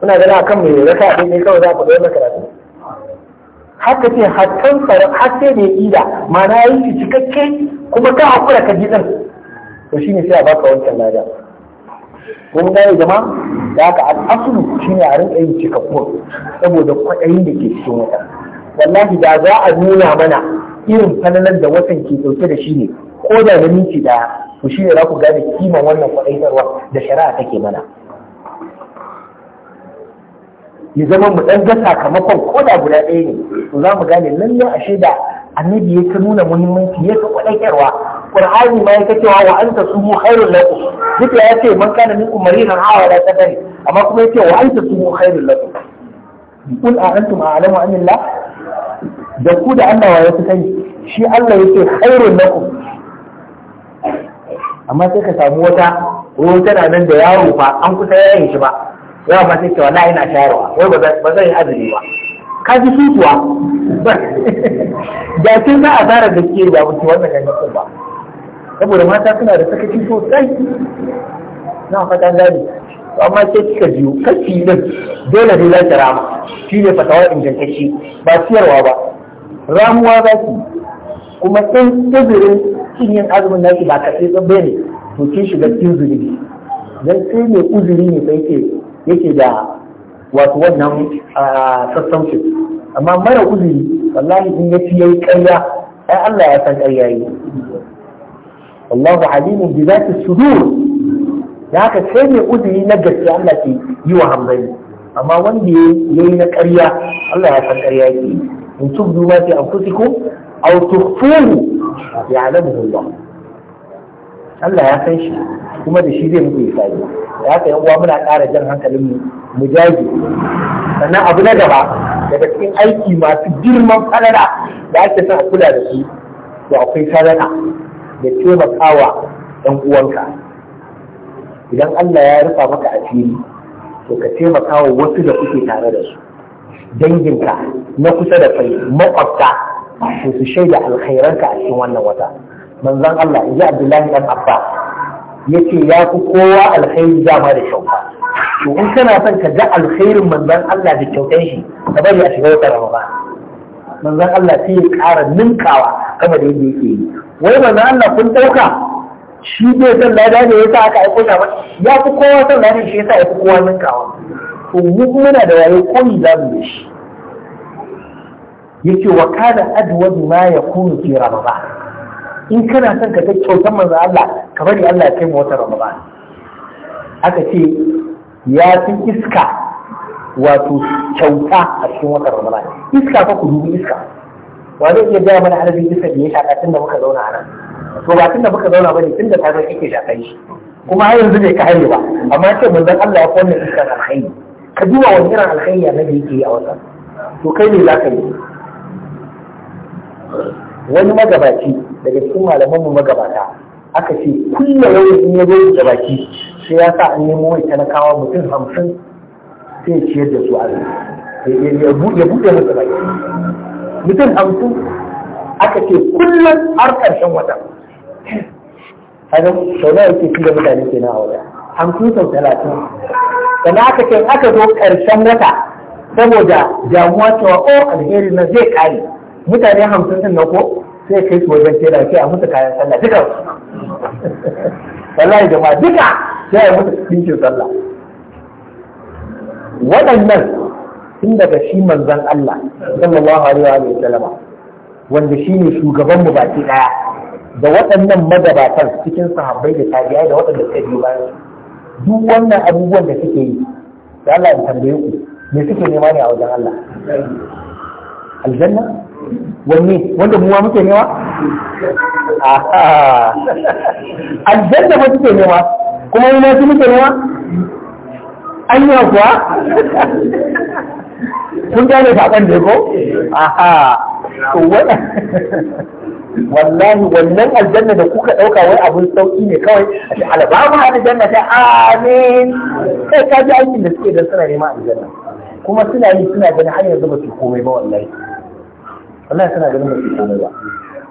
muna gana akan mai raka abin ne kawai za ku ɗaya makaratu haka ce hattan tsaron har sai da ya ida na yi shi cikakke kuma ka hakura ka ji ɗin to shine sai a baka wancan lada kun zama jama'a da aka al'asulu shine a rinka yin cikakkun saboda kwaɗayin da ke cikin wata wallahi da za a nuna mana irin fananan da watan ke dauke da shi ne ko da na minti daya to shi ne za ku gane kiman wannan kwaɗaitarwa da shari'a take mana ya zama mu ɗan ga sakamakon ko da guda ɗaya ne to za mu gane lallai a shaida annabi ya ta nuna muhimmanci ya ta kwaɗaitarwa qur'ani ma ya ta cewa wa anta sumu khairul lakum duka ya ce man kana minkum maridan aw ala sadari amma kuma ya ce wa anta sumu khairul lakum قل أأنتم أعلم أم الله da ku da Allah wa ya fi sani shi Allah yake khairun lakum amma sai ka samu wata ruwan tana nan da yaro fa an kusa yayin shi ba yawa ba sai ce wallahi ina shayarwa wai ba zai yi azumi ba ka ji sutuwa da kin za a tsara da ke da wuce wannan ganyen ba saboda mata suna da sakaci sosai na fata gani to amma sai kika biyo kashi nan dole ne za ki rama shi ne fatawa ingantacce ba siyarwa ba ramuwa za ki kuma ɗan uzurin cin yin azumin naki ba ka sai tsabe ne to kin shiga cikin zunubi dan sai mai uzuri ne sai ke yake da wato wannan sassaucin amma mara uzuri wallahi in ya fi yayi ƙarya ai Allah ya san ƙarya yi wallahu alimun bi zati sudur da haka sai mai uzuri na gaske Allah ke yi wa hamzani amma wanda yayi na ƙarya Allah ya san ƙarya yake yi إن تبدوا ما في أنفسكم أو تخفوه يعلمه الله Allah ya san shi kuma da shi zai muku isari da Ya yan uwa muna ƙara jan hankalin mu jaji sannan abu na gaba daga cikin aiki masu girman kanada da ake son a kula da su to akwai sadaka da taimakawa ɗan uwanka idan Allah ya rufa maka asiri to ka taimakawa wasu da kuke tare da su danginka na kusa da kai makwabta to su shaida alkhairanka a cikin wannan wata manzon Allah ya Abdullahi dan Abba yace ya fi kowa alkhairi dama da kyauta to in kana son ka ga alkhairin manzon Allah da kyautan shi ka bari a shiga wata Ramadan manzon Allah sai ya ƙara ninkawa kamar yadda yake yi wai manzon Allah kun dauka shi bai san lada ne yasa aka aiko shi ba ya fi kowa san lada shi yasa ya fi kowa ninkawa to mu da wayo koyi za mu da shi yake wa kana adwad ma yakunu fi ramadan in kana son ka ta kyautar manzo Allah ka bari Allah ya kai mu wata ramadan aka ce ya fi iska wato kyauta a cikin watan ramadan iska fa ku dubi iska wa zai iya gaya mana adadin iska da ya shaƙa tun da muka zauna a nan to ba tun da muka zauna ba ne tun da ta zo kake shaƙa shi kuma har yanzu bai ka haye ba amma ce manzon Allah ya kwanne iska na haye ka duba wani irin na da yake yi a wata to kai ne za ka yi wani magabaci daga cikin malaman mu magabata aka ce kulla yau in ya zo da baki sai ya sa an nemo mai talakawa mutum hamsin sai ya ciyar da su a ya buɗe masa baki mutum hamsin aka ce kullum har ƙarshen wata kaga sau nawa yake fi da mutane na a wata hamsin sau talatin sannan aka ce aka zo ƙarshen wata saboda damuwa cewa o oh, alheri na zai kare mutane hamsin din na ko sai kai su wajen tela sai a musu kayan sallah duka wallahi jama'a duka sai a musu dinkin sallah waɗannan sun daga shi manzon Allah sallallahu alaihi wa sallam wanda shine shugaban mu baki daya da waɗannan magabatan cikin sahabbai da tabi'ai da waɗanda suka biyo bayan duk wannan abubuwan da suke yi da Allah ya tambaye ku me suke nema ne a wajen Allah aljanna wanne wanda muwa muke nema aljanna ba suke nema kuma mu ma su muke nema an yi kuwa kun gane kan da ko aha to wannan (laughs) wallahi wannan aljanna da kuka ɗauka wai abun sauki ne kawai a ce alabama aljanna ta amin kai ka ji aikin da suke don suna nema aljanna kuma suna yi suna ganin har yanzu ba su komai ba wallahi wallahi suna ganin ba su komai ba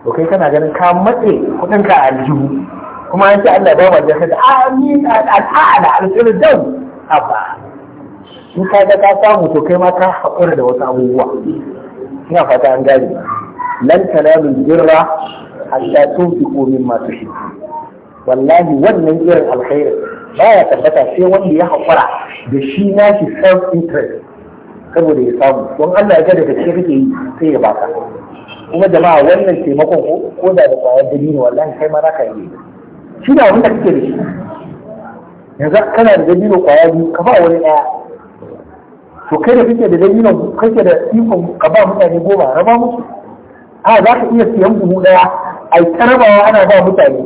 to kai kana ganin ka matse kudin ka aljihu kuma an ce Allah ba ba jaka ta amin al'ada alƙirin dan abba in ka ga ka samu to kai ma ka haƙura da wasu abubuwa ina fata an gane lan tanalu birra hatta tunfiqu mimma tuhibbun wallahi wannan irin ba ya tabbata sai wanda ya haƙura da shi nashi self interest saboda ya samu don Allah ya ga daga cikin kake yi sai ya baka kuma jama'a wannan taimakon ko ko da da kwayar dabino wallahi kai ma zaka yi shi da wanda kake da shi yanzu kana da dabino kwaya biyu ka ba wani daya to kai da kake da dabino kake da ikon ka ba mutane goma raba musu a za ka iya siyan buhu ɗaya a yi karabawa ana ba mutane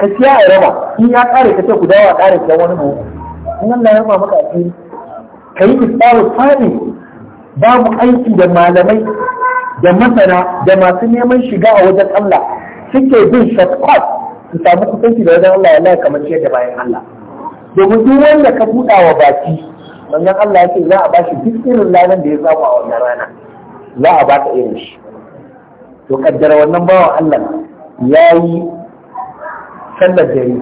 ka siya a raba in ya kare ka ce ku dawa kare siyan wani buhu in yana ya ba maka asiri ka yi misalu fadi babu aiki da malamai da masana da masu neman shiga a wajen Allah suke bin shakwas su samu kusanci da wajen Allah wallahi kamar ciyar da bayan Allah domin duk wanda ka buɗa wa baki manzon Allah ya ce za a bashi duk irin ladan da ya samu a wannan rana za a ba ka irin shi to kaddara wannan bawan Allah ya yi sallar dare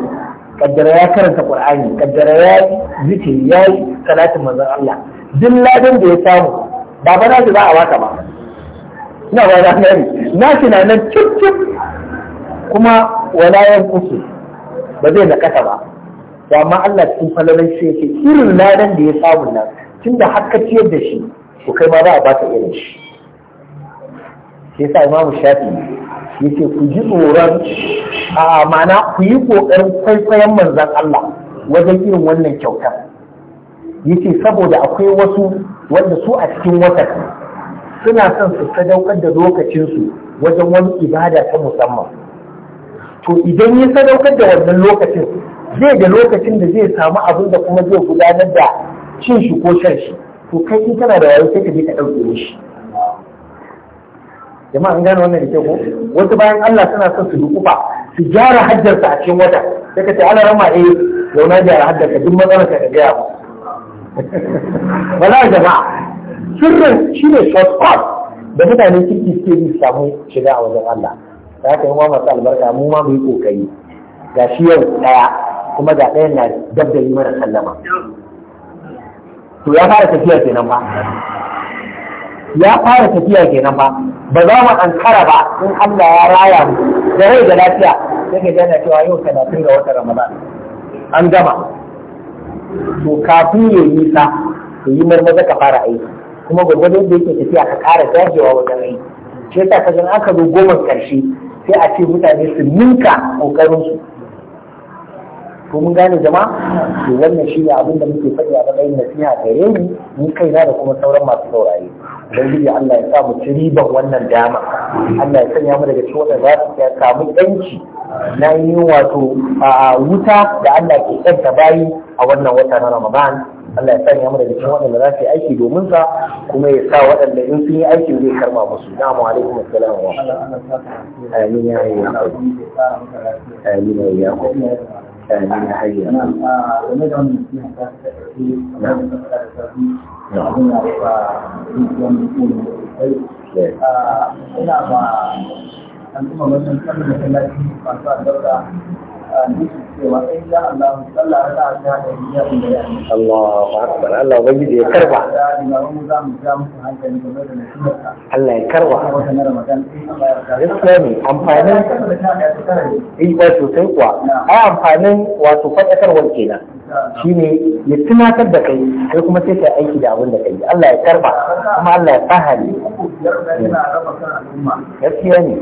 kaddara ya karanta qur'ani kaddara ya yi zikiri ya yi salatin manzon Allah duk ladan da ya samu ba ba za a waka ba na ba za na shi na nan cip kuma wala yan kuke ba zai na kasa ba to amma Allah cikin falalan shi yake irin ladan da ya samu nan tunda har ka ciyar da shi to kai ma za a baka irin shi Sai sa imamu shafi ce ku ji tsoron a mana ku yi kokarin kwaikwayon manzan Allah wajen irin wannan kyautar ce saboda akwai wasu wanda su a cikin wata suna son su sadaukar da lokacinsu wajen wani ibada ta musamman to idan ya sadaukar da wannan lokacin zai da lokacin da zai samu abin da kuma zai gudanar da cin shi ko shan shi to kai kana da wayo sai ka je ka ɗauke shi jama'a an gane wannan da ke ko wasu bayan Allah suna son su ba su gyara hajjarsa a cikin wata sai ka ce ana rama eh na gyara hajjarka duk matsalar ka gaya ba (laughs) wala jama'a sirrin shine shortcut da mutane kirki suke yi samu shiga a wajen Allah da haka yi masu albarka mu ma mu yi kokari ga shi yau ɗaya kuma ga ɗayan na dab da yi mana sallama to ya fara tafiya kenan ba ya fara tafiya kenan ba ba za mu ankara ba in Allah ya raya mu da rai da lafiya sai ka jana cewa yau talatin ga wata Ramadan an gama to kafin ya yi nisa ka yi marmaza ka fara aiki kuma gwargwado da yake tafiya ka ƙara dajewa wajen aiki shi yasa ka aka zo goma ƙarshe sai a ce mutane su ninka ƙoƙarinsu ko mun gane jama'a to wannan shi ne abin da muke faɗi a matsayin nasiha gare ni mun kaina da kuma sauran masu saurare ubangiji Allah ya sa mu ci riban wannan dama Allah ya sanya mu daga cikin za su samu yanci na yi wato a wuta da Allah ke yanta bayi a wannan wata na Ramadan Allah ya sanya mu daga cikin waɗanda za su yi aiki domin sa kuma ya sa waɗanda in sun yi aikin zai karma musu. Na'amu alaikum assalam wa amin ya yi ya amin ya yi ya amin da wannan suna ta tafi da ina ba an kuma wannan kan masallaci masu albarka Allah sallah ta Allahu akbar Allah ubangiji ya karba Allah ya karba gaskiya ne amfanin yi eh, ba sosai kuwa ai amfanin wato faɗakarwar kenan shine ya tunatar da kai sai kuma sai kai aiki da abin da kai Allah ya karba kuma Allah ya fahari gaskiya ne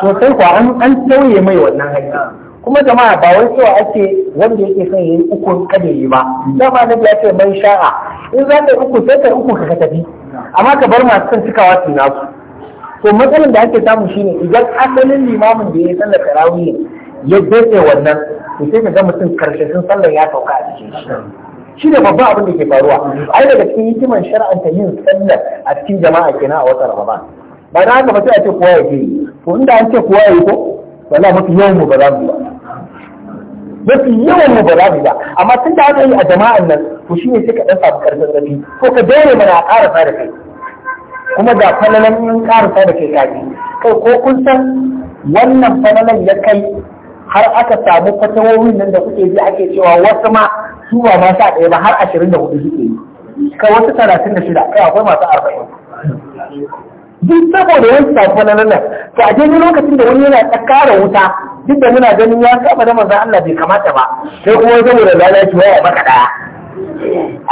sosai kuwa an an sauye mai wannan hanya kuma jama'a ba wai cewa ake wanda yake son yayi uku kada yi ba dama na ya ce mai sha'a in za ka yi uku sai ka yi uku ka tafi amma ka bar masu son cikawa su nasu to matsalar da ake samu shine idan asalin limamin da ya sallar tarawih ya dace wannan to sai ka ga mutum karshe sun sallar ya sauka a cikin shi shi ne babban abin da ke faruwa ai daga cikin hikiman shar'anta yin sallar a cikin jama'a kenan a wata ramadan ba na haka ba sai a ce kowa ya ke yi to inda an ce kowa ya yi ko wala mafi yawan mu ba za mu ba mafi yawan mu ba za mu ba amma tun da aka yi a jama'an nan to shine sai ka dan samu karfin rafi ko ka dare mana a karasa da kai kuma da fanalan in karasa da kai kaji kai ko kun san wannan fanalan ya kai har aka samu fatawowin nan da kuke ji ake cewa wasu ma su ba ma sa ɗaya ba har ashirin da hudu suke yi kai wasu talatin da shida kai akwai masu arba'in duk saboda wani safa na nan to a jini lokacin da wani yana tsakara wuta duk da muna ganin ya saba da manzon Allah bai kamata ba sai kuma saboda lalaci waya maka daya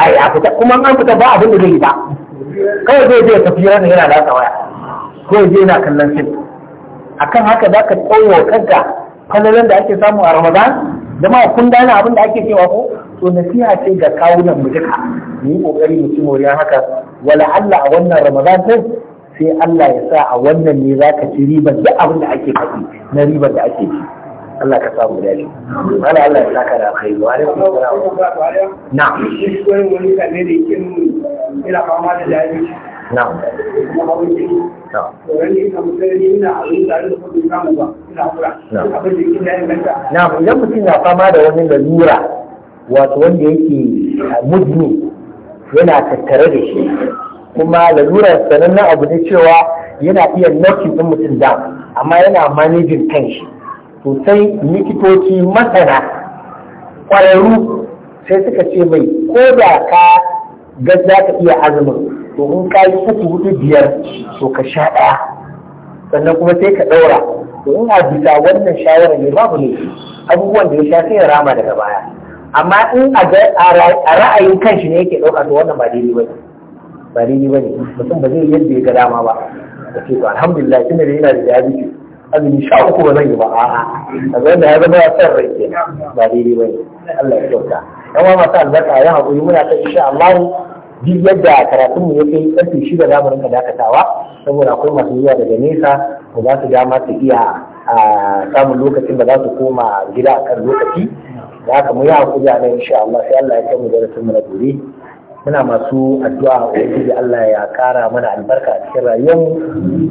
ai a fita kuma an fita ba abin da zai yi ba kawai zai je tafi yana yana latsa waya ko je yana kallon fim akan haka ka tsawo kanka falalan da ake samu a Ramadan Zama kun gane abin da ake cewa ko to nasiha ce ga kawunan mu duka mu yi kokari mu ci moriya haka wala Allah a wannan Ramadan din sai Allah ya sa a wannan ne za ka ci ribar duk abin da ake faɗi na ribar da ake ci Allah ka samu dace wala Allah ya ka da kai wa alaikum salam na shi wani wani da yake ina fama da daji na na na idan mutum na fama da wani lalura wato wanda yake mujmi yana tattare da shi kuma lalurar sanannen abu ne cewa yana iya nafi ɗin mutum da amma yana manajin kanshi to sai likitoci masana ƙwararru sai suka ce mai ko da ka ga za ka iya azumin to in ka yi uku hudu biyar to ka sha ɗaya sannan kuma sai ka ɗaura to in a bisa wannan shawarar ne babu ne abubuwan da ya sha sai ya rama daga baya amma in a ra'ayin kanshi ne yake ɗauka to wannan ba daidai ba ne ba daidai ba ne mutum ba zai yadda ya ga dama ba da ce to alhamdulillah tunda da yana da diabetes azumi sha uku ba zan yi ba a'a a da ya zama ya san rai ke ba daidai ba ne Allah ya kyauta yan wa masu albarka yan haƙuri muna ta insha Allah duk yadda karatun mu ya kai ƙarfi shida za mu rinka dakatawa saboda akwai masu zuwa daga nesa ba za su dama su iya a samun lokacin da za su koma gida a kan lokaci da haka mu yi haƙuri a nan insha Allah sai Allah ya kai mu da mu na gobe muna masu addu'a ubangiji Allah ya kara mana albarka a cikin rayuwar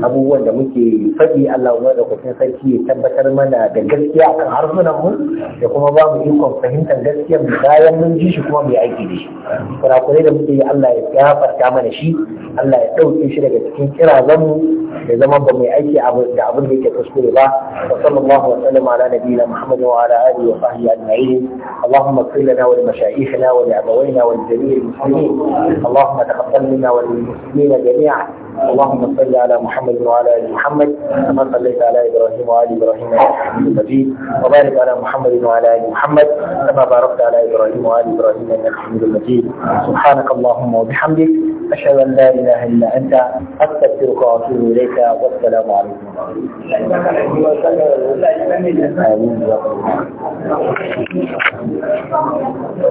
abubuwan da muke faɗi Allah wa da kusin sarki ya tabbatar mana da gaskiya akan harsunan mu da kuma ba mu ikon fahimtar gaskiya mu bayan mun ji shi kuma mu yi aiki da shi kurakurai da muke yi Allah ya gafarta mana shi Allah ya ɗauke shi daga cikin kirazan mu da zama ba mu yi aiki da abin da yake kuskure ba wa sallallahu wa sallam ala nabiyina Muhammad wa ala alihi wa sahbihi ajma'in اللهم اغفر لنا ولمشايخنا ولابوينا ولجميع المسلمين العظيم اللهم تقبل منا وللمسلمين جميعا اللهم صل على محمد وعلى ال محمد كما صليت على ابراهيم وال ابراهيم انك حميد مجيد وبارك على محمد وعلى ال محمد كما باركت على ابراهيم وال ابراهيم انك حميد مجيد سبحانك اللهم وبحمدك اشهد ان لا اله الا انت استغفرك واتوب اليك والسلام عليكم ورحمه الله وبركاته